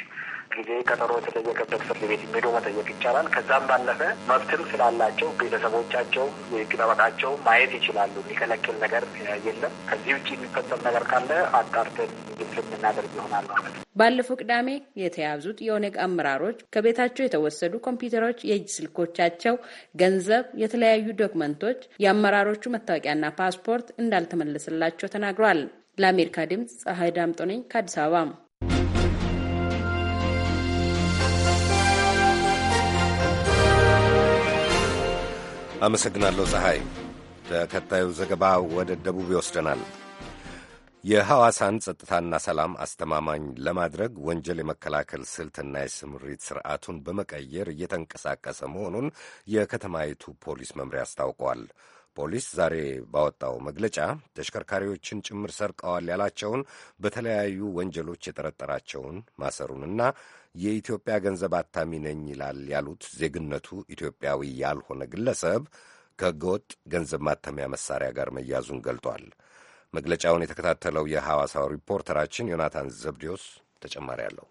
ጊዜ ቀጠሮ የተጠየቀበት ፍርድ ቤት የሚሄዱ መጠየቅ ይቻላል። ከዛም ባለፈ መብትም ስላላቸው ቤተሰቦቻቸው የህግ ጠበቃቸው ማየት ይችላሉ። የሚከለክል ነገር የለም። ከዚህ ውጭ የሚፈጸም ነገር ካለ አጣርተን ግልጽ የምናደርግ ይሆናል ማለት ነው። ባለፈው ቅዳሜ የተያዙት የኦነግ አመራሮች ከቤታቸው የተወሰዱ ኮምፒውተሮች፣ የእጅ ስልኮቻቸው፣ ገንዘብ፣ የተለያዩ ዶክመንቶች፣ የአመራሮቹ መታወቂያና ፓስፖርት እንዳልተመለሰላቸው ተናግሯል። ለአሜሪካ ድምፅ ፀሐይ ዳምጦ ነኝ ከአዲስ አበባ። አመሰግናለሁ ፀሐይ። ተከታዩ ዘገባ ወደ ደቡብ ይወስደናል። የሐዋሳን ጸጥታና ሰላም አስተማማኝ ለማድረግ ወንጀል የመከላከል ስልትና የስምሪት ስርዓቱን በመቀየር እየተንቀሳቀሰ መሆኑን የከተማይቱ ፖሊስ መምሪያ አስታውቋል። ፖሊስ ዛሬ ባወጣው መግለጫ ተሽከርካሪዎችን ጭምር ሰርቀዋል ያላቸውን በተለያዩ ወንጀሎች የጠረጠራቸውን ማሰሩንና የኢትዮጵያ ገንዘብ አታሚ ነኝ ይላል ያሉት ዜግነቱ ኢትዮጵያዊ ያልሆነ ግለሰብ ከህገወጥ ገንዘብ ማተሚያ መሳሪያ ጋር መያዙን ገልጧል። መግለጫውን የተከታተለው የሐዋሳው ሪፖርተራችን ዮናታን ዘብዲዮስ ተጨማሪ አለው።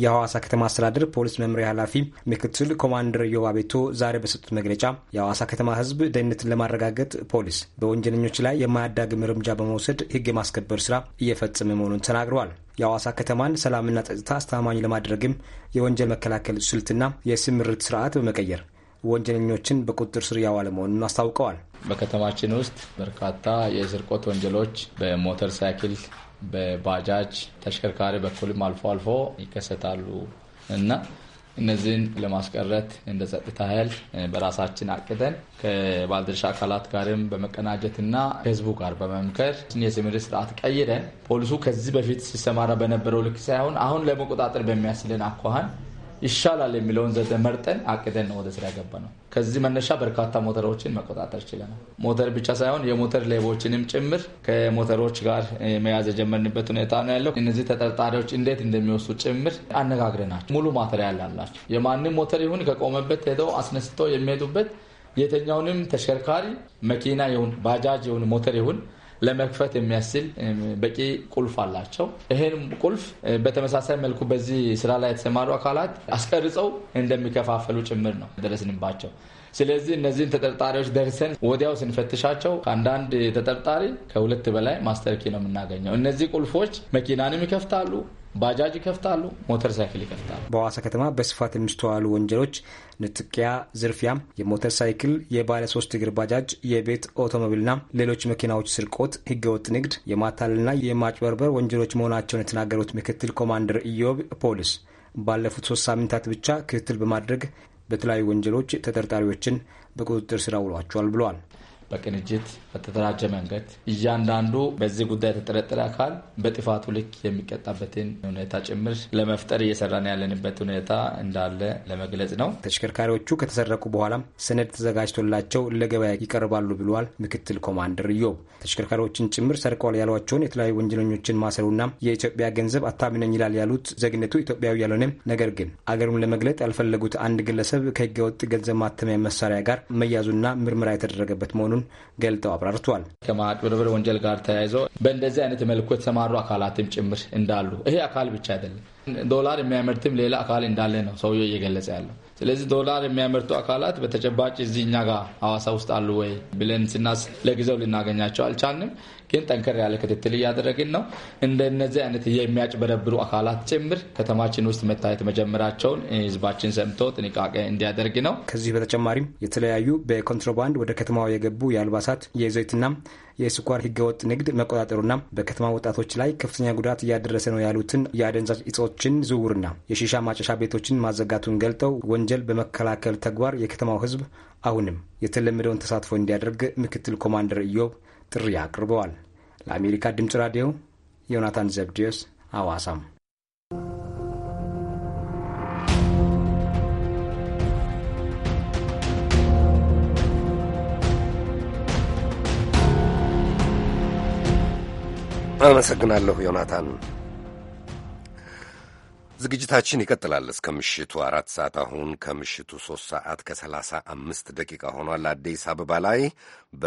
የሐዋሳ ከተማ አስተዳደር ፖሊስ መምሪያ ኃላፊ ምክትል ኮማንደር ዮባቤቶ ዛሬ በሰጡት መግለጫ የሐዋሳ ከተማ ሕዝብ ደህንነትን ለማረጋገጥ ፖሊስ በወንጀለኞች ላይ የማያዳግም እርምጃ በመውሰድ ሕግ የማስከበር ስራ እየፈጸመ መሆኑን ተናግረዋል። የሐዋሳ ከተማን ሰላምና ጸጥታ አስተማማኝ ለማድረግም የወንጀል መከላከል ስልትና የስምርት ስርዓት በመቀየር ወንጀለኞችን በቁጥጥር ስር ያዋለ መሆኑን አስታውቀዋል። በከተማችን ውስጥ በርካታ የስርቆት ወንጀሎች በሞተር ሳይክል፣ በባጃጅ ተሽከርካሪ በኩልም አልፎ አልፎ ይከሰታሉ እና እነዚህን ለማስቀረት እንደ ጸጥታ ኃይል በራሳችን አቅተን ከባለድርሻ አካላት ጋርም በመቀናጀትና ከህዝቡ ጋር በመምከር የስምሪት ስርዓት ቀይረን ፖሊሱ ከዚህ በፊት ሲሰማራ በነበረው ልክ ሳይሆን አሁን ለመቆጣጠር በሚያስችለን አኳኋን ይሻላል የሚለውን ዘ መርጠን አቅደን ነው ወደ ስራ ነው። ከዚህ መነሻ በርካታ ሞተሮችን መቆጣጠር ችለናል። ሞተር ብቻ ሳይሆን የሞተር ሌቦችንም ጭምር ከሞተሮች ጋር መያዝ የጀመርንበት ሁኔታ ነው ያለው። እነዚህ ተጠርጣሪዎች እንዴት እንደሚወስዱ ጭምር አነጋግረናቸው ሙሉ ማተሪያል አላቸው። የማንም ሞተር ይሁን ከቆመበት ሄደው አስነስተው የሚሄዱበት የተኛውንም ተሽከርካሪ መኪና ይሁን ባጃጅ ይሁን ሞተር ይሁን ለመክፈት የሚያስችል በቂ ቁልፍ አላቸው። ይህን ቁልፍ በተመሳሳይ መልኩ በዚህ ስራ ላይ የተሰማሩ አካላት አስቀርጸው እንደሚከፋፈሉ ጭምር ነው ደረስንባቸው። ስለዚህ እነዚህን ተጠርጣሪዎች ደርሰን ወዲያው ስንፈትሻቸው ከአንዳንድ ተጠርጣሪ ከሁለት በላይ ማስተርኪ ነው የምናገኘው። እነዚህ ቁልፎች መኪናንም ይከፍታሉ፣ ባጃጅ ይከፍታሉ፣ ሞተር ሳይክል ይከፍታሉ። በሐዋሳ ከተማ በስፋት የሚስተዋሉ ወንጀሎች ንጥቂያ፣ ዝርፊያ፣ የሞተር ሳይክል፣ የባለ ሶስት እግር ባጃጅ፣ የቤት ኦቶሞቢልና ሌሎች መኪናዎች ስርቆት፣ ህገወጥ ንግድ፣ የማታለልና የማጭበርበር ወንጀሎች መሆናቸውን የተናገሩት ምክትል ኮማንደር ኢዮብ ፖሊስ ባለፉት ሶስት ሳምንታት ብቻ ክትትል በማድረግ በተለያዩ ወንጀሎች ተጠርጣሪዎችን በቁጥጥር ስር አውሏቸዋል ብለዋል። በቅንጅት በተደራጀ መንገድ እያንዳንዱ በዚህ ጉዳይ የተጠረጠረ አካል በጥፋቱ ልክ የሚቀጣበትን ሁኔታ ጭምር ለመፍጠር እየሰራን ያለንበት ሁኔታ እንዳለ ለመግለጽ ነው። ተሽከርካሪዎቹ ከተሰረቁ በኋላም ሰነድ ተዘጋጅቶላቸው ለገበያ ይቀርባሉ ብለዋል ምክትል ኮማንደር ዮብ። ተሽከርካሪዎችን ጭምር ሰርቀዋል ያሏቸውን የተለያዩ ወንጀለኞችን ማሰሩና የኢትዮጵያ ገንዘብ አታሚነኝ ይላል ያሉት ዜግነቱ ኢትዮጵያዊ ያልሆነም ነገር ግን አገሩን ለመግለጥ ያልፈለጉት አንድ ግለሰብ ከህገወጥ ገንዘብ ማተሚያ መሳሪያ ጋር መያዙና ምርመራ የተደረገበት መሆኑን መሆኑን ገልጠው አብራርቷል። ከማጭበርበር ወንጀል ጋር ተያይዘው በእንደዚህ አይነት መልኩ የተሰማሩ አካላትም ጭምር እንዳሉ ይሄ አካል ብቻ አይደለም፣ ዶላር የሚያመርትም ሌላ አካል እንዳለ ነው ሰውየው እየገለጸ ያለው። ስለዚህ ዶላር የሚያመርቱ አካላት በተጨባጭ እዚህ እኛ ጋር ሐዋሳ ውስጥ አሉ ወይ ብለን ስናስ ለጊዜው ልናገኛቸው አልቻልንም። ግን ጠንከር ያለ ክትትል እያደረግን ነው። እንደነዚህ አይነት የሚያጭበረብሩ አካላት ጭምር ከተማችን ውስጥ መታየት መጀመራቸውን ህዝባችን ሰምቶ ጥንቃቄ እንዲያደርግ ነው። ከዚህ በተጨማሪም የተለያዩ በኮንትሮባንድ ወደ ከተማው የገቡ የአልባሳት የዘይትና የስኳር ህገወጥ ንግድ መቆጣጠሩና በከተማ ወጣቶች ላይ ከፍተኛ ጉዳት እያደረሰ ነው ያሉትን የአደንዛዥ እጾችን ዝውውርና የሺሻ ማጨሻ ቤቶችን ማዘጋቱን ገልጠው ወንጀል በመከላከል ተግባር የከተማው ህዝብ አሁንም የተለመደውን ተሳትፎ እንዲያደርግ ምክትል ኮማንደር ኢዮብ ጥሪ አቅርበዋል። ለአሜሪካ ድምፅ ራዲዮ ዮናታን ዘብድዮስ አዋሳም። አመሰግናለሁ ዮናታን። ዝግጅታችን ይቀጥላል እስከ ምሽቱ አራት ሰዓት። አሁን ከምሽቱ ሦስት ሰዓት ከሰላሳ አምስት ደቂቃ ሆኗል። አዲስ አበባ ላይ በ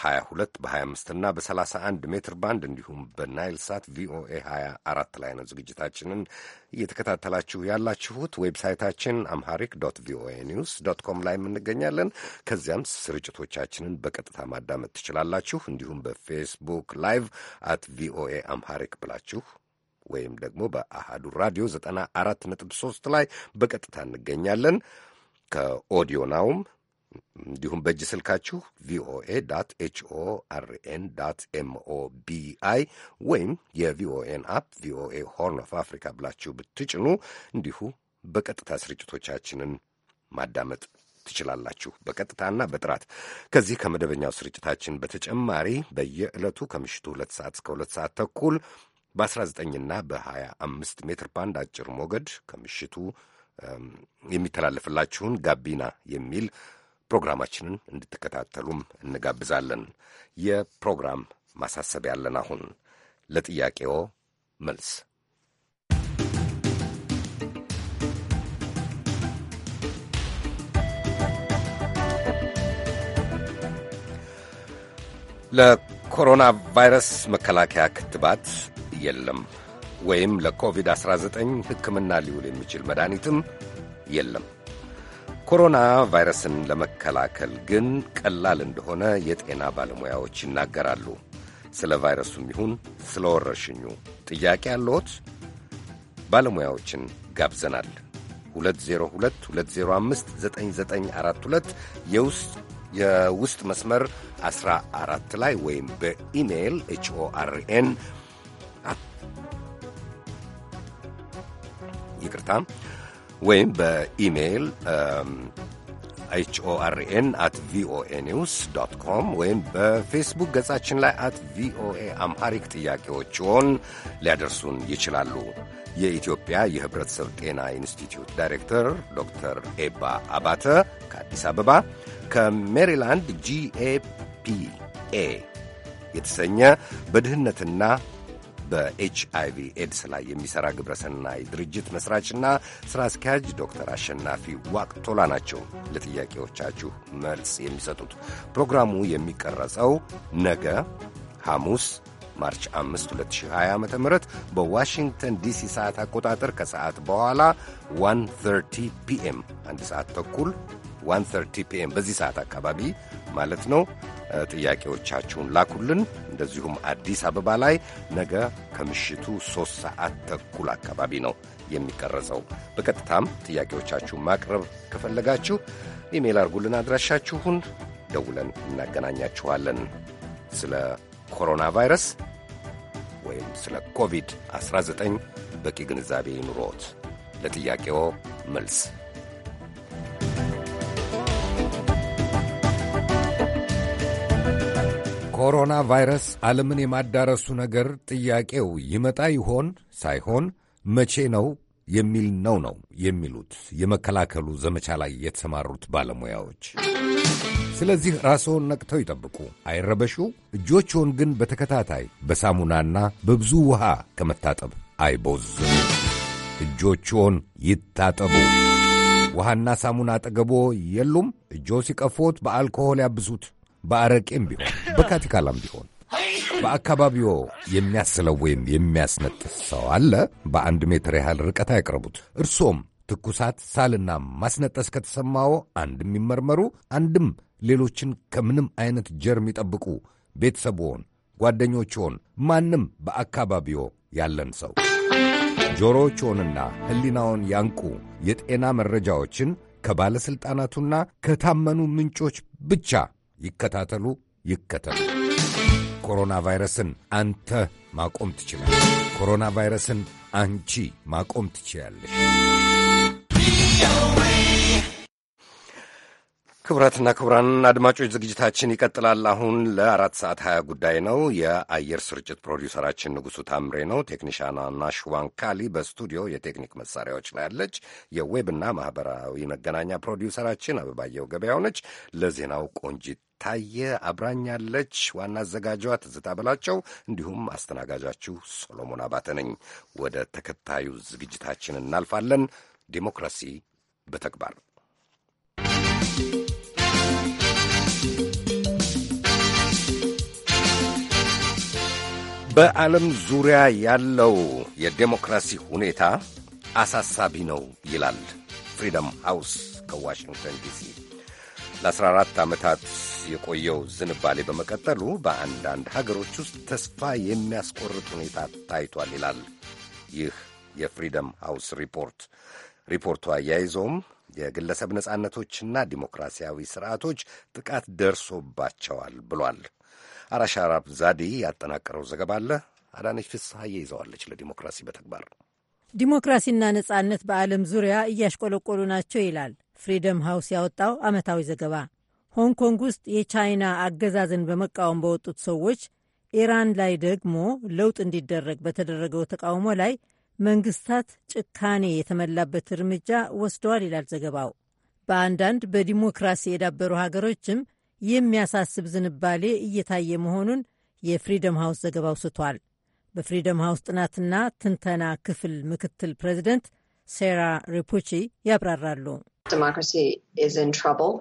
22 በ በ25ና በ31 ሜትር ባንድ እንዲሁም በናይል ሳት ቪኦኤ 24 ላይ ነው ዝግጅታችንን እየተከታተላችሁ ያላችሁት። ዌብሳይታችን አምሃሪክ ዶት ቪኦኤ ኒውስ ዶት ኮም ላይ እንገኛለን። ከዚያም ስርጭቶቻችንን በቀጥታ ማዳመጥ ትችላላችሁ። እንዲሁም በፌስቡክ ላይቭ አት ቪኦኤ አምሃሪክ ብላችሁ ወይም ደግሞ በአሃዱ ራዲዮ 94.3 ላይ በቀጥታ እንገኛለን። ከኦዲዮ ናውም እንዲሁም በእጅ ስልካችሁ ቪኦኤ ዳት ኤችኦአርኤን ዳት ኤምኦቢአይ ወይም የቪኦኤን አፕ ቪኦኤ ሆርን ኦፍ አፍሪካ ብላችሁ ብትጭኑ እንዲሁ በቀጥታ ስርጭቶቻችንን ማዳመጥ ትችላላችሁ። በቀጥታና በጥራት ከዚህ ከመደበኛው ስርጭታችን በተጨማሪ በየዕለቱ ከምሽቱ ሁለት ሰዓት እስከ ሁለት ሰዓት ተኩል በ19ና በ25 ሜትር ባንድ አጭር ሞገድ ከምሽቱ የሚተላለፍላችሁን ጋቢና የሚል ፕሮግራማችንን እንድትከታተሉም እንጋብዛለን። የፕሮግራም ማሳሰቢያ ያለን አሁን ለጥያቄዎ መልስ ለኮሮና ቫይረስ መከላከያ ክትባት የለም፣ ወይም ለኮቪድ-19 ሕክምና ሊውል የሚችል መድኃኒትም የለም። ኮሮና ቫይረስን ለመከላከል ግን ቀላል እንደሆነ የጤና ባለሙያዎች ይናገራሉ። ስለ ቫይረሱም ይሁን ስለ ወረርሽኙ ጥያቄ ያለዎት? ባለሙያዎችን ጋብዘናል። 2022059942 የውስጥ መስመር 14 ላይ ወይም በኢሜይል ኤችኦአርኤን ይቅርታ ወይም በኢሜይል ኤችኦአርኤን አት ቪኦኤ ኒውስ ዶት ኮም ወይም በፌስቡክ ገጻችን ላይ አት ቪኦኤ አምሃሪክ ጥያቄዎችዎን ሊያደርሱን ይችላሉ። የኢትዮጵያ የሕብረተሰብ ጤና ኢንስቲትዩት ዳይሬክተር ዶክተር ኤባ አባተ ከአዲስ አበባ ከሜሪላንድ ጂኤፒኤ የተሰኘ በድህነትና በኤች አይቪ ኤድስ ላይ የሚሠራ ግብረሰናይ ድርጅት መሥራችና ሥራ አስኪያጅ ዶክተር አሸናፊ ዋቅቶላ ናቸው ለጥያቄዎቻችሁ መልስ የሚሰጡት። ፕሮግራሙ የሚቀረጸው ነገ ሐሙስ ማርች 5 2020 ዓ ም በዋሽንግተን ዲሲ ሰዓት አቆጣጠር ከሰዓት በኋላ 1:30 ፒኤም አንድ ሰዓት ተኩል 1:30 ፒኤም በዚህ ሰዓት አካባቢ ማለት ነው ጥያቄዎቻችሁን ላኩልን። እንደዚሁም አዲስ አበባ ላይ ነገ ከምሽቱ ሦስት ሰዓት ተኩል አካባቢ ነው የሚቀረጸው። በቀጥታም ጥያቄዎቻችሁን ማቅረብ ከፈለጋችሁ ኢሜይል አድርጉልን። አድራሻችሁን ደውለን እናገናኛችኋለን። ስለ ኮሮና ቫይረስ ወይም ስለ ኮቪድ-19 በቂ ግንዛቤ ይኑሮት። ለጥያቄዎ መልስ ኮሮና ቫይረስ ዓለምን የማዳረሱ ነገር ጥያቄው ይመጣ ይሆን ሳይሆን መቼ ነው የሚል ነው ነው የሚሉት የመከላከሉ ዘመቻ ላይ የተሰማሩት ባለሙያዎች። ስለዚህ ራስዎን ነቅተው ይጠብቁ፣ አይረበሹ። እጆችዎን ግን በተከታታይ በሳሙናና በብዙ ውሃ ከመታጠብ አይቦዝ እጆችዎን ይታጠቡ። ውሃና ሳሙና አጠገቦ የሉም? እጆ ሲቀፎት በአልኮሆል ያብሱት። በአረቄም ቢሆን በካቲካላም ቢሆን በአካባቢዎ የሚያስለው ወይም የሚያስነጥስ ሰው አለ? በአንድ ሜትር ያህል ርቀት አይቅረቡት። እርሶም ትኩሳት፣ ሳልና ማስነጠስ ከተሰማዎ አንድም ይመርመሩ፣ አንድም ሌሎችን ከምንም አይነት ጀርም ይጠብቁ። ቤተሰብዎን፣ ጓደኞችዎን፣ ማንም በአካባቢዎ ያለን ሰው ጆሮዎችዎንና ሕሊናውን ያንቁ። የጤና መረጃዎችን ከባለሥልጣናቱና ከታመኑ ምንጮች ብቻ ይከታተሉ፣ ይከተሉ። ኮሮና ቫይረስን አንተ ማቆም ትችላለህ። ኮሮና ቫይረስን አንቺ ማቆም ትችላለሽ። ክቡራትና ክቡራን አድማጮች ዝግጅታችን ይቀጥላል። አሁን ለአራት ሰዓት ሀያ ጉዳይ ነው። የአየር ስርጭት ፕሮዲውሰራችን ንጉሱ ታምሬ ነው። ቴክኒሻና ናሽዋን ካሊ በስቱዲዮ የቴክኒክ መሳሪያዎች ላይ ያለች። የዌብና ማህበራዊ መገናኛ ፕሮዲውሰራችን አበባየው ገበያው ነች። ለዜናው ቆንጂት ታየ አብራኛለች። ዋና አዘጋጇ ትዝታ በላቸው፣ እንዲሁም አስተናጋጃችሁ ሶሎሞን አባተ ነኝ። ወደ ተከታዩ ዝግጅታችን እናልፋለን። ዴሞክራሲ በተግባር Thank you. በዓለም ዙሪያ ያለው የዴሞክራሲ ሁኔታ አሳሳቢ ነው ይላል ፍሪደም ሃውስ ከዋሽንግተን ዲሲ። ለ14 ዓመታት የቆየው ዝንባሌ በመቀጠሉ በአንዳንድ ሀገሮች ውስጥ ተስፋ የሚያስቆርጥ ሁኔታ ታይቷል ይላል ይህ የፍሪደም ሃውስ ሪፖርት። ሪፖርቱ አያይዘውም የግለሰብ ነጻነቶችና ዲሞክራሲያዊ ስርዓቶች ጥቃት ደርሶባቸዋል ብሏል። አራሻራብ ዛዲ ያጠናቀረው ዘገባ አለ አዳነች ፍስሐዬ ይዘዋለች። ለዲሞክራሲ በተግባር ዲሞክራሲና ነጻነት በዓለም ዙሪያ እያሽቆለቆሉ ናቸው ይላል ፍሪደም ሃውስ ያወጣው ዓመታዊ ዘገባ። ሆንግ ኮንግ ውስጥ የቻይና አገዛዝን በመቃወም በወጡት ሰዎች፣ ኢራን ላይ ደግሞ ለውጥ እንዲደረግ በተደረገው ተቃውሞ ላይ መንግስታት ጭካኔ የተመላበት እርምጃ ወስደዋል ይላል ዘገባው። በአንዳንድ በዲሞክራሲ የዳበሩ ሀገሮችም የሚያሳስብ ዝንባሌ እየታየ መሆኑን የፍሪደም ሃውስ ዘገባ አውስቷል። በፍሪደም ሃውስ ጥናትና ትንተና ክፍል ምክትል ፕሬዚደንት ሴራ ሪፑቺ ያብራራሉ። democracy is in trouble.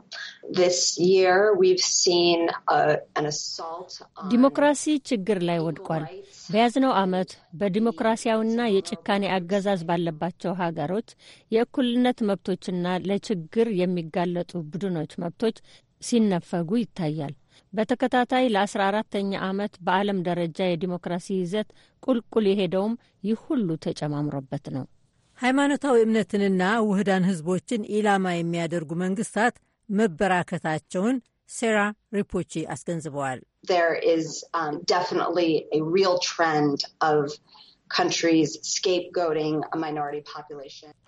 This year we've seen a, uh, an assault on ዲሞክራሲ ችግር ላይ ወድቋል። በያዝነው ዓመት በዲሞክራሲያዊና የጭካኔ አገዛዝ ባለባቸው ሀገሮች የእኩልነት መብቶችና ለችግር የሚጋለጡ ቡድኖች መብቶች ሲነፈጉ ይታያል። በተከታታይ ለ 14 አራተኛ ዓመት በዓለም ደረጃ የዲሞክራሲ ይዘት ቁልቁል የሄደውም ይህ ሁሉ ተጨማምሮበት ነው። ሃይማኖታዊ እምነትንና ውህዳን ህዝቦችን ኢላማ የሚያደርጉ መንግስታት መበራከታቸውን ሴራ ሪፖቺ አስገንዝበዋል። um,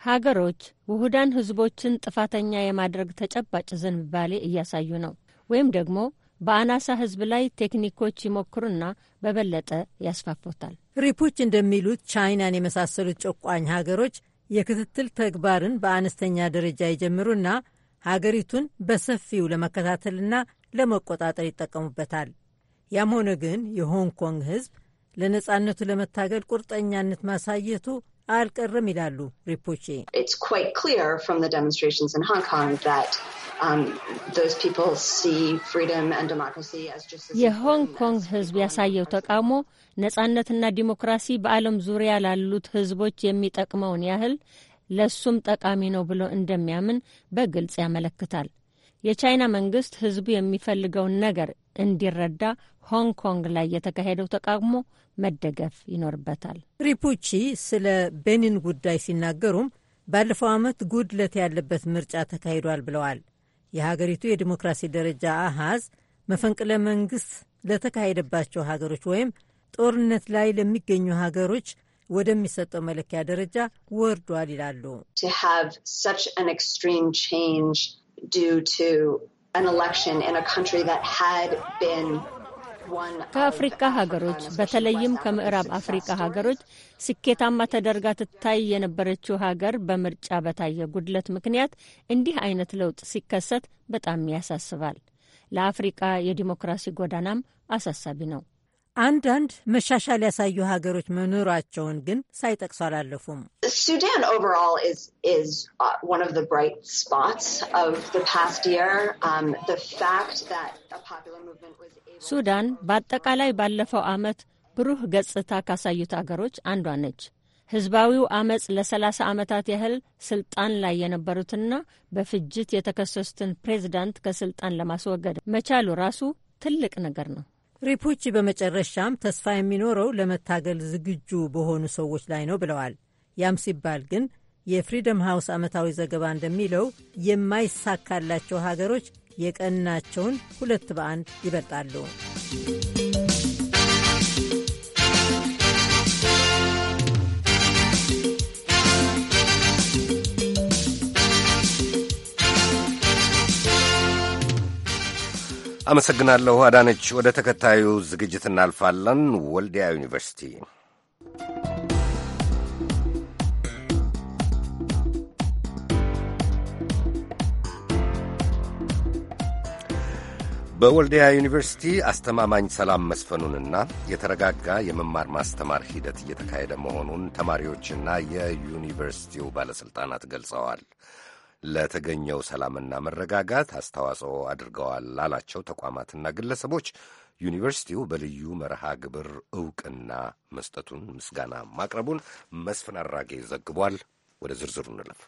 ሀገሮች ውህዳን ህዝቦችን ጥፋተኛ የማድረግ ተጨባጭ ዝንባሌ እያሳዩ ነው ወይም ደግሞ በአናሳ ህዝብ ላይ ቴክኒኮች ይሞክሩና በበለጠ ያስፋፉታል። ሪፖች እንደሚሉት ቻይናን የመሳሰሉት ጨቋኝ ሀገሮች የክትትል ተግባርን በአነስተኛ ደረጃ ይጀምሩና ሀገሪቱን በሰፊው ለመከታተልና ለመቆጣጠር ይጠቀሙበታል። ያም ሆነ ግን የሆንግ ኮንግ ህዝብ ለነፃነቱ ለመታገል ቁርጠኛነት ማሳየቱ አልቀርም ይላሉ ሪፖቼ። um, የሆንግ ኮንግ ሕዝብ ያሳየው ተቃውሞ ነጻነትና ዲሞክራሲ በዓለም ዙሪያ ላሉት ሕዝቦች የሚጠቅመውን ያህል ለሱም ጠቃሚ ነው ብሎ እንደሚያምን በግልጽ ያመለክታል። የቻይና መንግስት ሕዝቡ የሚፈልገውን ነገር እንዲረዳ ሆንግ ኮንግ ላይ የተካሄደው ተቃውሞ መደገፍ ይኖርበታል። ሪፑቺ ስለ ቤኒን ጉዳይ ሲናገሩም ባለፈው ዓመት ጉድለት ያለበት ምርጫ ተካሂዷል ብለዋል። የሀገሪቱ የዲሞክራሲ ደረጃ አሃዝ መፈንቅለ መንግስት ለተካሄደባቸው ሀገሮች ወይም ጦርነት ላይ ለሚገኙ ሀገሮች ወደሚሰጠው መለኪያ ደረጃ ወርዷል ይላሉ። ከአፍሪካ ሀገሮች በተለይም ከምዕራብ አፍሪካ ሀገሮች ስኬታማ ተደርጋ ትታይ የነበረችው ሀገር በምርጫ በታየ ጉድለት ምክንያት እንዲህ አይነት ለውጥ ሲከሰት በጣም ያሳስባል። ለአፍሪቃ የዲሞክራሲ ጎዳናም አሳሳቢ ነው። አንዳንድ መሻሻል ያሳዩ ሀገሮች መኖራቸውን ግን ሳይጠቅሱ አላለፉም። ሱዳን uh, um, በአጠቃላይ ባለፈው ዓመት ብሩህ ገጽታ ካሳዩት አገሮች አንዷ ነች። ህዝባዊው አመፅ ለሰላሳ ዓመታት ያህል ስልጣን ላይ የነበሩትና በፍጅት የተከሰሱትን ፕሬዚዳንት ከስልጣን ለማስወገድ መቻሉ ራሱ ትልቅ ነገር ነው። ሪፑቺ በመጨረሻም ተስፋ የሚኖረው ለመታገል ዝግጁ በሆኑ ሰዎች ላይ ነው ብለዋል። ያም ሲባል ግን የፍሪደም ሃውስ ዓመታዊ ዘገባ እንደሚለው የማይሳካላቸው ሀገሮች የቀናቸውን ሁለት በአንድ ይበልጣሉ። አመሰግናለሁ አዳነች። ወደ ተከታዩ ዝግጅት እናልፋለን። ወልዲያ ዩኒቨርሲቲ በወልዲያ ዩኒቨርሲቲ አስተማማኝ ሰላም መስፈኑንና የተረጋጋ የመማር ማስተማር ሂደት እየተካሄደ መሆኑን ተማሪዎችና የዩኒቨርሲቲው ባለሥልጣናት ገልጸዋል። ለተገኘው ሰላምና መረጋጋት አስተዋጽኦ አድርገዋል ላላቸው ተቋማትና ግለሰቦች ዩኒቨርሲቲው በልዩ መርሃ ግብር እውቅና መስጠቱን ምስጋና ማቅረቡን መስፍን አራጌ ዘግቧል። ወደ ዝርዝሩ እንለፍ።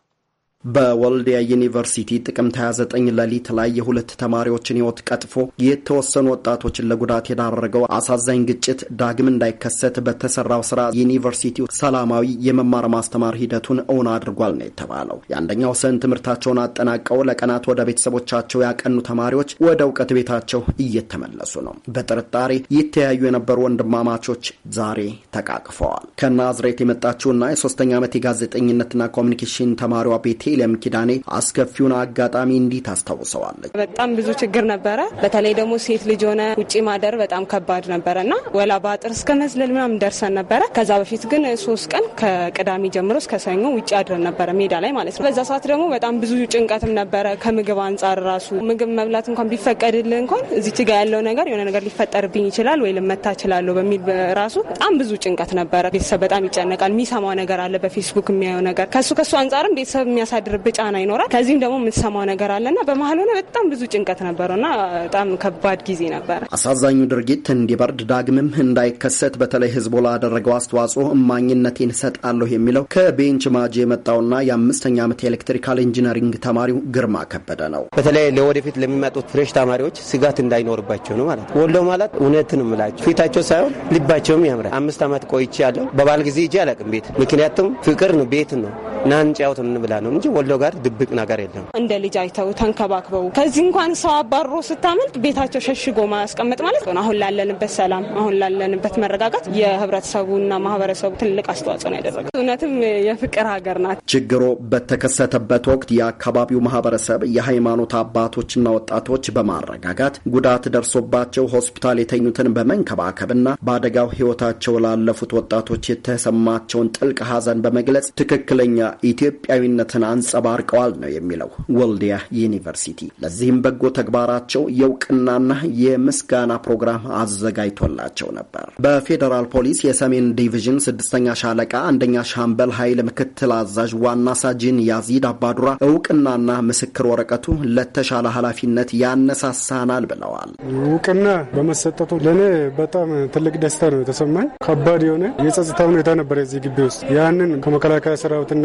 በወልዲያ ዩኒቨርሲቲ ጥቅምት 29 ሌሊት ላይ የሁለት ተማሪዎችን ህይወት ቀጥፎ የተወሰኑ ወጣቶችን ለጉዳት የዳረገው አሳዛኝ ግጭት ዳግም እንዳይከሰት በተሰራው ስራ ዩኒቨርሲቲው ሰላማዊ የመማር ማስተማር ሂደቱን እውን አድርጓል ነው የተባለው። የአንደኛው ሰን ትምህርታቸውን አጠናቀው ለቀናት ወደ ቤተሰቦቻቸው ያቀኑ ተማሪዎች ወደ እውቀት ቤታቸው እየተመለሱ ነው። በጥርጣሬ ይተያዩ የነበሩ ወንድማማቾች ዛሬ ተቃቅፈዋል። ከናዝሬት የመጣችውና የሶስተኛ ዓመት የጋዜጠኝነትና ኮሚኒኬሽን ተማሪዋ ቤቴ ኢለም ኪዳኔ አስከፊውን አጋጣሚ እንዲህ ታስታውሰዋለች። በጣም ብዙ ችግር ነበረ። በተለይ ደግሞ ሴት ልጅ ሆነ ውጭ ማደር በጣም ከባድ ነበረ እና ወላ በአጥር እስከ መዝለል ምናምን ደርሰን ነበረ። ከዛ በፊት ግን ሶስት ቀን ከቅዳሜ ጀምሮ እስከ ሰኞ ውጭ አድረን ነበረ ሜዳ ላይ ማለት ነው። በዛ ሰዓት ደግሞ በጣም ብዙ ጭንቀትም ነበረ። ከምግብ አንጻር ራሱ ምግብ መብላት እንኳን ቢፈቀድልህ እንኳን እዚች ጋ ያለው ነገር የሆነ ነገር ሊፈጠርብኝ ይችላል ወይ ልመታ እችላለሁ በሚል ራሱ በጣም ብዙ ጭንቀት ነበረ። ቤተሰብ በጣም ይጨነቃል። የሚሰማው ነገር አለ በፌስቡክ የሚያየው ነገር ከሱ ከሱ አንጻርም ቤተሰብ የሚያሳ የሚያሳድርብ ጫና ይኖራል። ከዚህም ደግሞ የምትሰማው ነገር አለና በመሀል ሆነ በጣም ብዙ ጭንቀት ነበረውና በጣም ከባድ ጊዜ ነበረ። አሳዛኙ ድርጊት እንዲበርድ ዳግምም እንዳይከሰት በተለይ ህዝቡ ላደረገው አስተዋጽኦ እማኝነቴን እሰጣለሁ የሚለው ከቤንች ማጅ የመጣውና የአምስተኛ ዓመት የኤሌክትሪካል ኢንጂነሪንግ ተማሪው ግርማ ከበደ ነው። በተለይ ለወደፊት ለሚመጡት ፍሬሽ ተማሪዎች ስጋት እንዳይኖርባቸው ነው ማለት ወሎ ማለት ነው ምላቸው ፊታቸው ሳይሆን ልባቸውም ያምራል። አምስት ዓመት ቆይቼ ያለው በባል ጊዜ እጅ አላቅም ቤት ምክንያቱም ፍቅር ነው ቤት ነው ና እንጫወት ነው እንጂ ወሎ ጋር ድብቅ ነገር የለም። እንደ ልጅ አይተው ተንከባክበው ከዚህ እንኳን ሰው አባሮ ስታመልጥ ቤታቸው ሸሽጎ ማያስቀምጥ ማለት ነው። አሁን ላለንበት ሰላም፣ አሁን ላለንበት መረጋጋት የህብረተሰቡና ማህበረሰቡ ትልቅ አስተዋጽኦ ነው ያደረገ። እውነትም የፍቅር ሀገር ናት። ችግሩ በተከሰተበት ወቅት የአካባቢው ማህበረሰብ የሃይማኖት አባቶችና ወጣቶች በማረጋጋት ጉዳት ደርሶባቸው ሆስፒታል የተኙትን በመንከባከብና በአደጋው ህይወታቸው ላለፉት ወጣቶች የተሰማቸውን ጥልቅ ሀዘን በመግለጽ ትክክለኛ ኢትዮጵያዊነትን አንጸባርቀዋል ነው የሚለው ወልዲያ ዩኒቨርሲቲ። ለዚህም በጎ ተግባራቸው የእውቅናና የምስጋና ፕሮግራም አዘጋጅቶላቸው ነበር። በፌዴራል ፖሊስ የሰሜን ዲቪዥን ስድስተኛ ሻለቃ አንደኛ ሻምበል ኃይል ምክትል አዛዥ ዋና ሳጅን ያዚድ አባዱራ እውቅናና ምስክር ወረቀቱ ለተሻለ ኃላፊነት ያነሳሳናል ብለዋል። እውቅና በመሰጠቱ ለእኔ በጣም ትልቅ ደስታ ነው የተሰማኝ። ከባድ የሆነ የጸጥታ ሁኔታ ነበር የዚህ ግቢ ውስጥ ያንን ከመከላከያ ሰራዊትና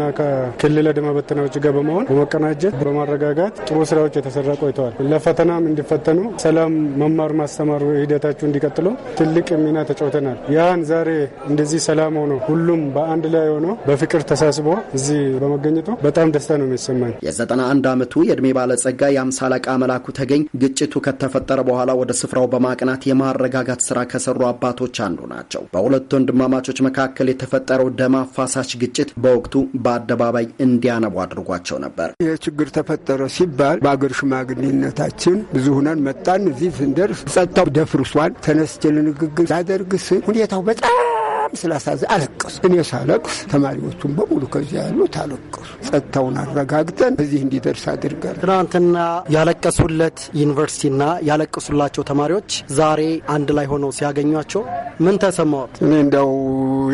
ከክልል አድማ በተናዎች ጋር በመሆን በመቀናጀት በማረጋጋት ጥሩ ስራዎች የተሰራ ቆይተዋል። ለፈተናም እንዲፈተኑ ሰላም መማር ማስተማር ሂደታችሁ እንዲቀጥሉ ትልቅ ሚና ተጫውተናል። ያን ዛሬ እንደዚህ ሰላም ሆኖ ሁሉም በአንድ ላይ ሆኖ በፍቅር ተሳስቦ እዚህ በመገኘቱ በጣም ደስታ ነው የሚሰማኝ። የዘጠና አንድ አመቱ የእድሜ ባለጸጋ የአምሳ አለቃ መላኩ ተገኝ ግጭቱ ከተፈጠረ በኋላ ወደ ስፍራው በማቅናት የማረጋጋት ስራ ከሰሩ አባቶች አንዱ ናቸው። በሁለቱ ወንድማማቾች መካከል የተፈጠረው ደም አፋሳሽ ግጭት በወቅቱ በአደ አደባባይ እንዲያነቡ አድርጓቸው ነበር። ይህ ችግር ተፈጠረ ሲባል በአገር ሽማግሌነታችን ብዙ ሁነን መጣን። እዚህ ስንደርስ ጸጥታው ደፍርሷል። ተነስቼ ልንግግር ላደርግ ስል ሁኔታው በጣም በጣም ስላሳዘ አለቀሱ። እኔ ሳለቅስ ተማሪዎቹን በሙሉ ከዚያ ያሉት አለቀሱ። ጸጥታውን አረጋግጠን እዚህ እንዲደርስ አድርገን ትናንትና ያለቀሱለት ዩኒቨርሲቲና ያለቀሱላቸው ተማሪዎች ዛሬ አንድ ላይ ሆነው ሲያገኟቸው ምን ተሰማዎት? እኔ እንደው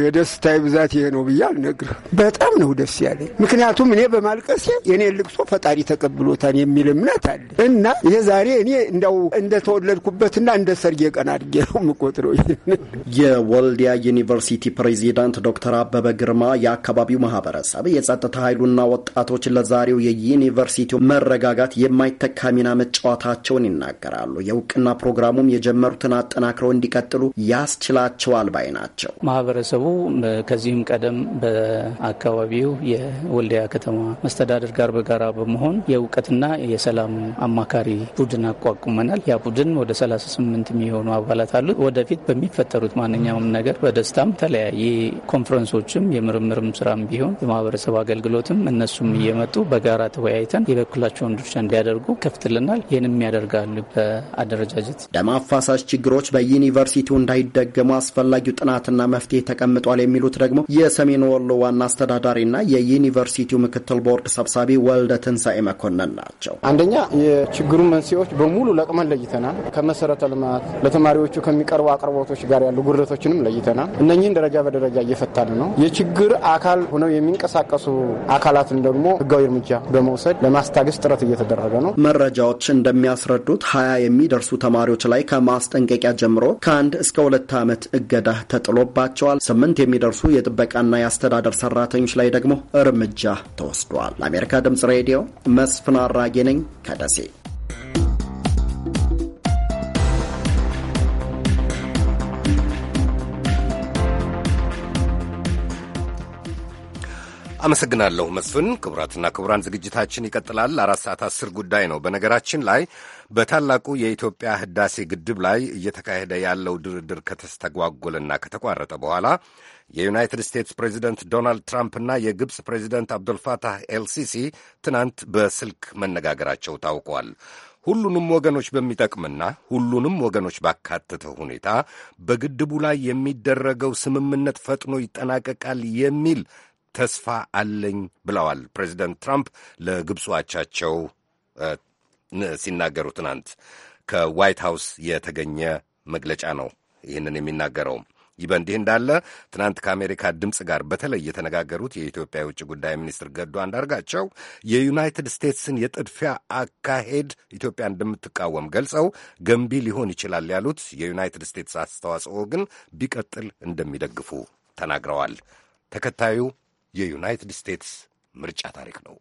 የደስታ ብዛት ይሄ ነው ብዬ አልነግርህ። በጣም ነው ደስ ያለኝ። ምክንያቱም እኔ በማልቀሴ የእኔ ልቅሶ ፈጣሪ ተቀብሎታል የሚል እምነት አለ እና ይሄ ዛሬ እኔ እንደው እንደተወለድኩበትና እንደ ሰርጌ ቀን አድጌ ነው የምቆጥረው። የወልዲያ ዩኒቨርሲቲ ሲቲ ፕሬዚዳንት ዶክተር አበበ ግርማ የአካባቢው ማህበረሰብ የጸጥታ ኃይሉና ወጣቶች ለዛሬው የዩኒቨርሲቲው መረጋጋት የማይተካ ሚና መጫወታቸውን ይናገራሉ። የእውቅና ፕሮግራሙም የጀመሩትን አጠናክረው እንዲቀጥሉ ያስችላቸዋል ባይ ናቸው። ማህበረሰቡ ከዚህም ቀደም በአካባቢው የወልዲያ ከተማ መስተዳደር ጋር በጋራ በመሆን የእውቀትና የሰላም አማካሪ ቡድን አቋቁመናል። ያ ቡድን ወደ 38 የሚሆኑ አባላት አሉት። ወደፊት በሚፈጠሩት ማንኛውም ነገር በደስታም ተለያየ ኮንፈረንሶችም የምርምርም ስራም ቢሆን የማህበረሰብ አገልግሎትም እነሱም እየመጡ በጋራ ተወያይተን የበኩላቸውን ድርሻ እንዲያደርጉ ከፍትልናል። ይህንም ያደርጋሉ። በአደረጃጀት ደም አፋሳሽ ችግሮች በዩኒቨርሲቲው እንዳይደገሙ አስፈላጊው ጥናትና መፍትሄ ተቀምጧል የሚሉት ደግሞ የሰሜን ወሎ ዋና አስተዳዳሪና የዩኒቨርሲቲው ምክትል ቦርድ ሰብሳቢ ወልደ ትንሳኤ መኮንን ናቸው። አንደኛ የችግሩ መንስኤዎች በሙሉ ለቅመን ለይተናል። ከመሰረተ ልማት ለተማሪዎቹ ከሚቀርቡ አቅርቦቶች ጋር ያሉ ጉድለቶችንም ለይተናል። እነኚህ እነዚህን ደረጃ በደረጃ እየፈታን ነው። የችግር አካል ሆነው የሚንቀሳቀሱ አካላትን ደግሞ ህጋዊ እርምጃ በመውሰድ ለማስታገስ ጥረት እየተደረገ ነው። መረጃዎች እንደሚያስረዱት ሀያ የሚደርሱ ተማሪዎች ላይ ከማስጠንቀቂያ ጀምሮ ከአንድ እስከ ሁለት ዓመት እገዳ ተጥሎባቸዋል። ስምንት የሚደርሱ የጥበቃና የአስተዳደር ሰራተኞች ላይ ደግሞ እርምጃ ተወስዷል። ለአሜሪካ ድምጽ ሬዲዮ መስፍን አራጌ ነኝ ከደሴ። አመሰግናለሁ መስፍን። ክቡራትና ክቡራን ዝግጅታችን ይቀጥላል። አራት ሰዓት አስር ጉዳይ ነው። በነገራችን ላይ በታላቁ የኢትዮጵያ ህዳሴ ግድብ ላይ እየተካሄደ ያለው ድርድር ከተስተጓጎለና ከተቋረጠ በኋላ የዩናይትድ ስቴትስ ፕሬዚደንት ዶናልድ ትራምፕና የግብፅ ፕሬዚደንት አብዱልፋታህ ኤልሲሲ ትናንት በስልክ መነጋገራቸው ታውቋል። ሁሉንም ወገኖች በሚጠቅምና ሁሉንም ወገኖች ባካተተ ሁኔታ በግድቡ ላይ የሚደረገው ስምምነት ፈጥኖ ይጠናቀቃል የሚል ተስፋ አለኝ ብለዋል ፕሬዚደንት ትራምፕ ለግብፁ አቻቸው ሲናገሩ ትናንት ከዋይት ሃውስ የተገኘ መግለጫ ነው ይህንን የሚናገረው። ይህ በእንዲህ እንዳለ ትናንት ከአሜሪካ ድምፅ ጋር በተለይ የተነጋገሩት የኢትዮጵያ የውጭ ጉዳይ ሚኒስትር ገዱ አንዳርጋቸው የዩናይትድ ስቴትስን የጥድፊያ አካሄድ ኢትዮጵያ እንደምትቃወም ገልጸው ገንቢ ሊሆን ይችላል ያሉት የዩናይትድ ስቴትስ አስተዋጽኦ ግን ቢቀጥል እንደሚደግፉ ተናግረዋል። ተከታዩ የዩናይትድ ስቴትስ ምርጫ ታሪክ ነው።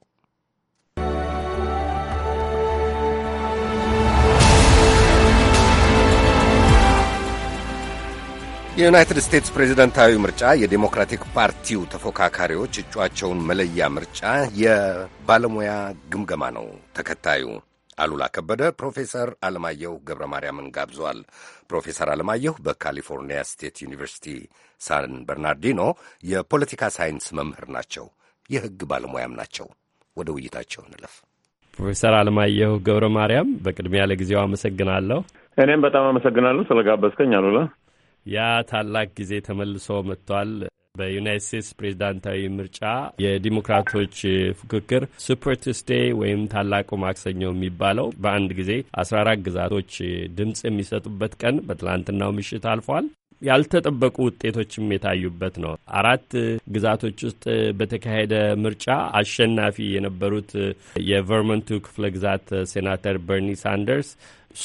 የዩናይትድ ስቴትስ ፕሬዚደንታዊ ምርጫ የዴሞክራቲክ ፓርቲው ተፎካካሪዎች እጩአቸውን መለያ ምርጫ የባለሙያ ግምገማ ነው። ተከታዩ አሉላ ከበደ ፕሮፌሰር አለማየሁ ገብረ ማርያምን ጋብዟል። ፕሮፌሰር አለማየሁ በካሊፎርኒያ ስቴት ዩኒቨርሲቲ ሳን በርናርዲኖ የፖለቲካ ሳይንስ መምህር ናቸው። የህግ ባለሙያም ናቸው። ወደ ውይይታቸው እንለፍ። ፕሮፌሰር አለማየሁ ገብረ ማርያም በቅድሚያ ለጊዜው አመሰግናለሁ። እኔም በጣም አመሰግናለሁ ስለጋበዝከኝ አሉላ። ያ ታላቅ ጊዜ ተመልሶ መጥቷል። በዩናይት ስቴትስ ፕሬዚዳንታዊ ምርጫ የዲሞክራቶች ፉክክር ሱፐር ቱስዴ ወይም ታላቁ ማክሰኞ የሚባለው በአንድ ጊዜ አስራ አራት ግዛቶች ድምፅ የሚሰጡበት ቀን በትላንትናው ምሽት አልፏል። ያልተጠበቁ ውጤቶችም የታዩበት ነው። አራት ግዛቶች ውስጥ በተካሄደ ምርጫ አሸናፊ የነበሩት የቨርመንቱ ክፍለ ግዛት ሴናተር በርኒ ሳንደርስ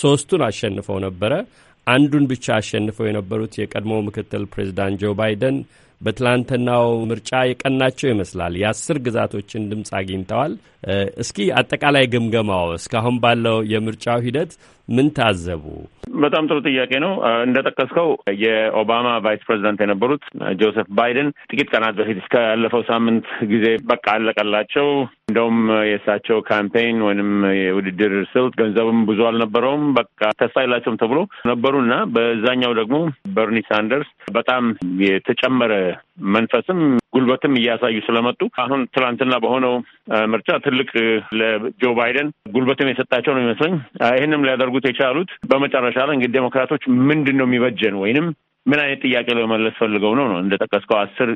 ሶስቱን አሸንፈው ነበረ። አንዱን ብቻ አሸንፈው የነበሩት የቀድሞ ምክትል ፕሬዚዳንት ጆ ባይደን በትላንትናው ምርጫ የቀናቸው ይመስላል። የአስር ግዛቶችን ድምፅ አግኝተዋል። እስኪ አጠቃላይ ግምገማው እስካሁን ባለው የምርጫው ሂደት ምን ታዘቡ? በጣም ጥሩ ጥያቄ ነው። እንደጠቀስከው የኦባማ ቫይስ ፕሬዚዳንት የነበሩት ጆሴፍ ባይደን ጥቂት ቀናት በፊት እስካለፈው ሳምንት ጊዜ በቃ አለቀላቸው። እንደውም የእሳቸው ካምፔይን ወይንም የውድድር ስልት ገንዘብም ብዙ አልነበረውም። በቃ ተስፋ የላቸውም ተብሎ ነበሩ እና በዛኛው ደግሞ በርኒ ሳንደርስ በጣም የተጨመረ መንፈስም ጉልበትም እያሳዩ ስለመጡ አሁን ትላንትና በሆነው ምርጫ ትልቅ ለጆ ባይደን ጉልበትም የሰጣቸው ነው ይመስለኝ። ይህንም ሊያደርጉት የቻሉት በመጨረሻ ላይ እንግዲህ ዴሞክራቶች ምንድን ነው የሚበጀን ወይንም ምን አይነት ጥያቄ ለመመለስ ፈልገው ነው ነው እንደጠቀስከው አስር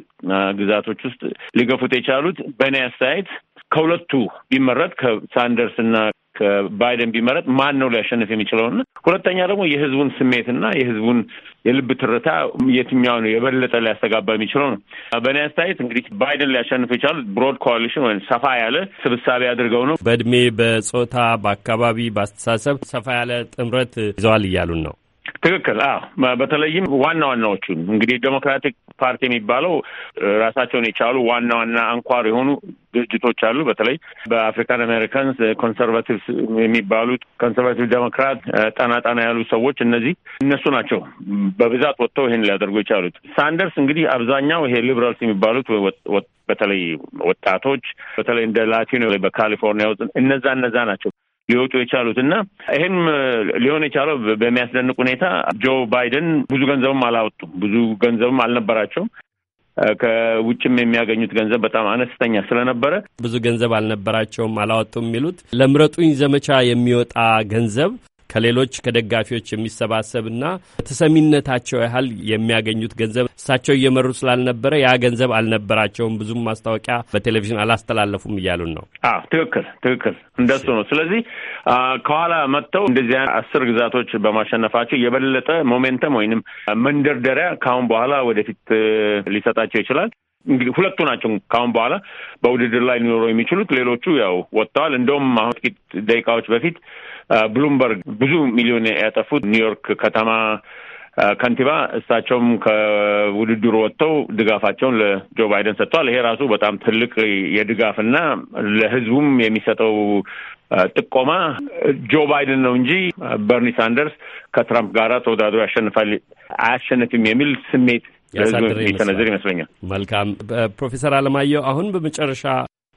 ግዛቶች ውስጥ ሊገፉት የቻሉት በእኔ አስተያየት ከሁለቱ ቢመረጥ ከሳንደርስ እና ከባይደን ቢመረጥ ማን ነው ሊያሸንፍ የሚችለውና ሁለተኛ ደግሞ የህዝቡን ስሜትና የህዝቡን የልብ ትርታ የትኛው ነው የበለጠ ሊያስተጋባ የሚችለው ነው። በእኔ አስተያየት እንግዲህ ባይደን ሊያሸንፍ የቻሉት ብሮድ ኮሊሽን ወይም ሰፋ ያለ ስብሳቤ አድርገው ነው። በእድሜ፣ በጾታ፣ በአካባቢ፣ በአስተሳሰብ ሰፋ ያለ ጥምረት ይዘዋል እያሉን ነው። ትክክል። አዎ፣ በተለይም ዋና ዋናዎቹን እንግዲህ ዴሞክራቲክ ፓርቲ የሚባለው ራሳቸውን የቻሉ ዋና ዋና አንኳር የሆኑ ድርጅቶች አሉ። በተለይ በአፍሪካን አሜሪካንስ ኮንሰርቫቲቭ የሚባሉት ኮንሰርቫቲቭ ዴሞክራት፣ ጠና ጠና ያሉ ሰዎች እነዚህ እነሱ ናቸው በብዛት ወጥተው ይሄን ሊያደርጉ የቻሉት። ሳንደርስ እንግዲህ አብዛኛው ይሄ ሊብራልስ የሚባሉት በተለይ ወጣቶች በተለይ እንደ ላቲኖ በካሊፎርኒያ ውስጥ እነዛ እነዛ ናቸው ሊወጡ የቻሉት እና ይህም ሊሆን የቻለው በሚያስደንቅ ሁኔታ ጆ ባይደን ብዙ ገንዘብም አላወጡም፣ ብዙ ገንዘብም አልነበራቸውም። ከውጭም የሚያገኙት ገንዘብ በጣም አነስተኛ ስለነበረ ብዙ ገንዘብ አልነበራቸውም፣ አላወጡም የሚሉት ለምረጡኝ ዘመቻ የሚወጣ ገንዘብ ከሌሎች ከደጋፊዎች የሚሰባሰብና ተሰሚነታቸው ያህል የሚያገኙት ገንዘብ እሳቸው እየመሩ ስላልነበረ ያ ገንዘብ አልነበራቸውም፣ ብዙም ማስታወቂያ በቴሌቪዥን አላስተላለፉም እያሉን ነው። ትክክል ትክክል፣ እንደሱ ነው። ስለዚህ ከኋላ መጥተው እንደዚህ አስር ግዛቶች በማሸነፋቸው የበለጠ ሞሜንተም ወይንም መንደርደሪያ ከአሁን በኋላ ወደፊት ሊሰጣቸው ይችላል። እንግዲህ ሁለቱ ናቸው ካሁን በኋላ በውድድር ላይ ሊኖረው የሚችሉት። ሌሎቹ ያው ወጥተዋል። እንደውም አሁን ጥቂት ደቂቃዎች በፊት ብሉምበርግ ብዙ ሚሊዮን ያጠፉት ኒውዮርክ ከተማ ከንቲባ እሳቸውም ከውድድሩ ወጥተው ድጋፋቸውን ለጆ ባይደን ሰጥተዋል። ይሄ ራሱ በጣም ትልቅ የድጋፍና ለህዝቡም የሚሰጠው ጥቆማ ጆ ባይደን ነው እንጂ በርኒ ሳንደርስ ከትራምፕ ጋራ ተወዳድሮ ያሸንፋል አያሸንፍም የሚል ስሜት ያሳድር ይመስለኛል። መልካም ፕሮፌሰር አለማየሁ አሁን በመጨረሻ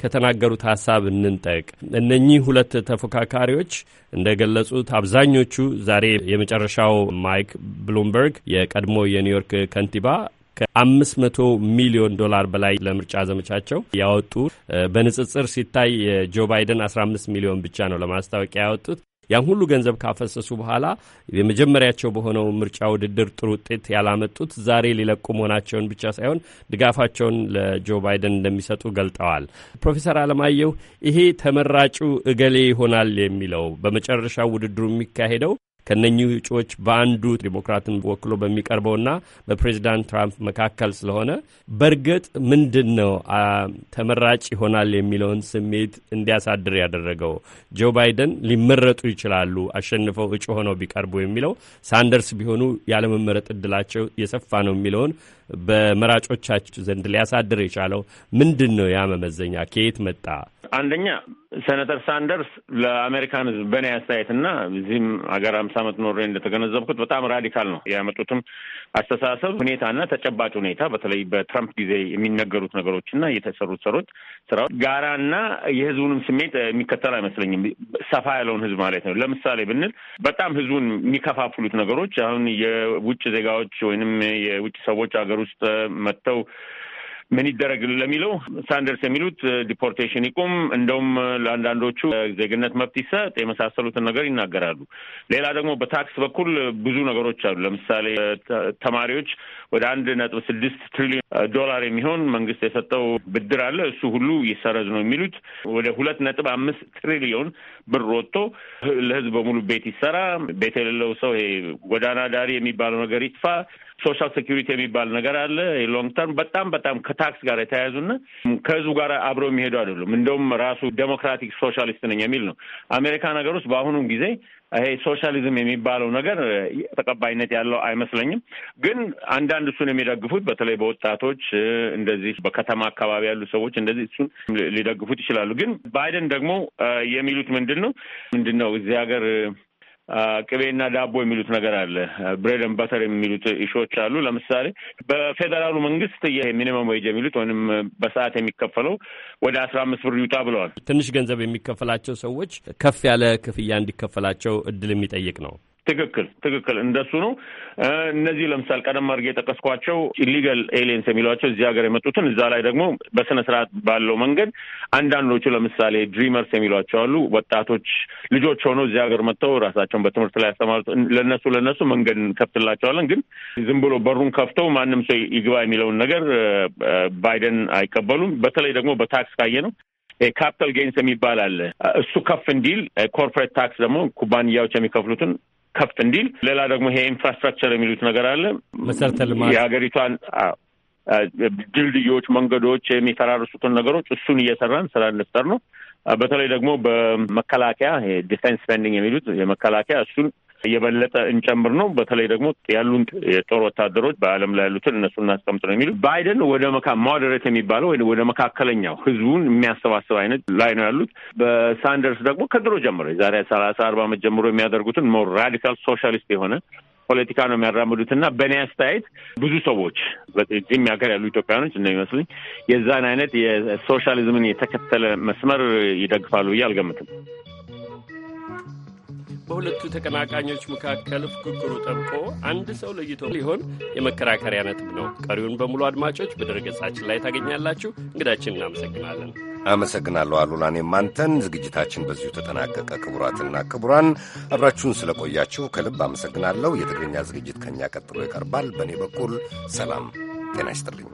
ከተናገሩት ሀሳብ እንንጠቅ። እነኚህ ሁለት ተፎካካሪዎች እንደ ገለጹት አብዛኞቹ ዛሬ የመጨረሻው ማይክ ብሉምበርግ የቀድሞ የኒውዮርክ ከንቲባ ከአምስት መቶ ሚሊዮን ዶላር በላይ ለምርጫ ዘመቻቸው ያወጡ በንጽጽር ሲታይ የጆ ባይደን አስራ አምስት ሚሊዮን ብቻ ነው ለማስታወቂያ ያወጡት። ያን ሁሉ ገንዘብ ካፈሰሱ በኋላ የመጀመሪያቸው በሆነው ምርጫ ውድድር ጥሩ ውጤት ያላመጡት ዛሬ ሊለቁ መሆናቸውን ብቻ ሳይሆን ድጋፋቸውን ለጆ ባይደን እንደሚሰጡ ገልጠዋል። ፕሮፌሰር አለማየሁ ይሄ ተመራጩ እገሌ ይሆናል የሚለው በመጨረሻው ውድድሩ የሚካሄደው ከነኚህ እጩዎች በአንዱ ዴሞክራትን ወክሎ በሚቀርበውና በፕሬዚዳንት ትራምፕ መካከል ስለሆነ በእርግጥ ምንድን ነው ተመራጭ ይሆናል የሚለውን ስሜት እንዲያሳድር ያደረገው? ጆ ባይደን ሊመረጡ ይችላሉ አሸንፈው እጩ ሆነው ቢቀርቡ የሚለው ሳንደርስ ቢሆኑ ያለመመረጥ እድላቸው የሰፋ ነው የሚለውን በመራጮቻችሁ ዘንድ ሊያሳድር የቻለው ምንድን ነው? ያ መመዘኛ ከየት መጣ? አንደኛ ሴነተር ሳንደርስ ለአሜሪካን ሕዝብ በእኔ አስተያየት እና እዚህም ሀገር ሀምሳ ዓመት ኖሬ እንደተገነዘብኩት በጣም ራዲካል ነው ያመጡትም አስተሳሰብ ሁኔታና ተጨባጭ ሁኔታ በተለይ በትራምፕ ጊዜ የሚነገሩት ነገሮችና የተሰሩት ሰሮች ስራዎች ጋራና የህዝቡንም ስሜት የሚከተል አይመስለኝም። ሰፋ ያለውን ህዝብ ማለት ነው። ለምሳሌ ብንል በጣም ህዝቡን የሚከፋፍሉት ነገሮች አሁን የውጭ ዜጋዎች ወይንም የውጭ ሰዎች ሀገር ሀገር ውስጥ መጥተው ምን ይደረግ ለሚለው ሳንደርስ የሚሉት ዲፖርቴሽን ይቁም፣ እንደውም ለአንዳንዶቹ ዜግነት መብት ይሰጥ የመሳሰሉትን ነገር ይናገራሉ። ሌላ ደግሞ በታክስ በኩል ብዙ ነገሮች አሉ። ለምሳሌ ተማሪዎች ወደ አንድ ነጥብ ስድስት ትሪሊዮን ዶላር የሚሆን መንግስት የሰጠው ብድር አለ። እሱ ሁሉ ይሰረዝ ነው የሚሉት። ወደ ሁለት ነጥብ አምስት ትሪሊዮን ብር ወጥቶ ለህዝብ በሙሉ ቤት ይሰራ፣ ቤት የሌለው ሰው ይሄ ጎዳና ዳሪ የሚባለው ነገር ይጥፋ ሶሻል ሴኪሪቲ የሚባል ነገር አለ። የሎንግ ተርም በጣም በጣም ከታክስ ጋር የተያያዙና ከህዝቡ ጋር አብረው የሚሄዱ አይደሉም። እንደውም ራሱ ዴሞክራቲክ ሶሻሊስት ነኝ የሚል ነው። አሜሪካ ነገር ውስጥ በአሁኑ ጊዜ ይሄ ሶሻሊዝም የሚባለው ነገር ተቀባይነት ያለው አይመስለኝም። ግን አንዳንድ እሱን የሚደግፉት በተለይ በወጣቶች እንደዚህ በከተማ አካባቢ ያሉ ሰዎች እንደዚህ እሱን ሊደግፉት ይችላሉ። ግን ባይደን ደግሞ የሚሉት ምንድን ነው ምንድን ነው እዚህ ሀገር ቅቤና ዳቦ የሚሉት ነገር አለ። ብሬደን በተር የሚሉት እሾች አሉ። ለምሳሌ በፌዴራሉ መንግስት የሚኒመም ወይጅ የሚሉት ወይም በሰዓት የሚከፈለው ወደ አስራ አምስት ብር ይውጣ ብለዋል። ትንሽ ገንዘብ የሚከፈላቸው ሰዎች ከፍ ያለ ክፍያ እንዲከፈላቸው እድል የሚጠይቅ ነው። ትክክል ትክክል፣ እንደሱ ነው። እነዚህ ለምሳሌ ቀደም አድርጌ የጠቀስኳቸው ኢሊጋል ኤሊየንስ የሚሏቸው እዚህ ሀገር የመጡትን እዛ ላይ ደግሞ በስነ ስርዓት ባለው መንገድ አንዳንዶቹ ለምሳሌ ድሪመርስ የሚሏቸው አሉ። ወጣቶች ልጆች ሆነው እዚህ ሀገር መጥተው ራሳቸውን በትምህርት ላይ ያስተማሩት ለነሱ ለነሱ መንገድ እንከፍትላቸዋለን። ግን ዝም ብሎ በሩን ከፍተው ማንም ሰው ይግባ የሚለውን ነገር ባይደን አይቀበሉም። በተለይ ደግሞ በታክስ ካየ ነው ካፒታል ጌንስ የሚባል አለ። እሱ ከፍ እንዲል ኮርፖሬት ታክስ ደግሞ ኩባንያዎች የሚከፍሉትን ከፍ እንዲል። ሌላ ደግሞ ይሄ ኢንፍራስትራክቸር የሚሉት ነገር አለ። መሰረተ ልማት የሀገሪቷን ድልድዮች፣ መንገዶች፣ የሚፈራርሱትን ነገሮች እሱን እየሰራን ስራ እንፍጠር ነው። በተለይ ደግሞ በመከላከያ ዲፌንስ ስፔንዲንግ የሚሉት የመከላከያ እሱን የበለጠ እንጨምር ነው። በተለይ ደግሞ ያሉን የጦር ወታደሮች በዓለም ላይ ያሉትን እነሱ እናስቀምጥ ነው የሚሉት። ባይደን ወደ መካ ሞዴሬት የሚባለው ወይ ወደ መካከለኛው ህዝቡን የሚያሰባስብ አይነት ላይ ነው ያሉት። በሳንደርስ ደግሞ ከድሮ ጀምሮ የዛሬ ሰላሳ አርባ ዓመት ጀምሮ የሚያደርጉትን ሞር ራዲካል ሶሻሊስት የሆነ ፖለቲካ ነው የሚያራምዱት እና በእኔ አስተያየት ብዙ ሰዎች በዚህም ሀገር ያሉ ኢትዮጵያኖች እንደሚመስልኝ የዛን አይነት የሶሻሊዝምን የተከተለ መስመር ይደግፋሉ ብዬ አልገምትም። በሁለቱ ተቀናቃኞች መካከል ፉክክሩ ጠብቆ አንድ ሰው ለይቶ ሊሆን የመከራከሪያ ነጥብ ነው። ቀሪውን በሙሉ አድማጮች በድረገጻችን ላይ ታገኛላችሁ። እንግዳችን እናመሰግናለን። አመሰግናለሁ አሉላኔ ማንተን። ዝግጅታችን በዚሁ ተጠናቀቀ። ክቡራትና ክቡራን አብራችሁን ስለቆያችሁ ከልብ አመሰግናለሁ። የትግርኛ ዝግጅት ከእኛ ቀጥሎ ይቀርባል። በእኔ በኩል ሰላም ጤና ይስጥልኝ።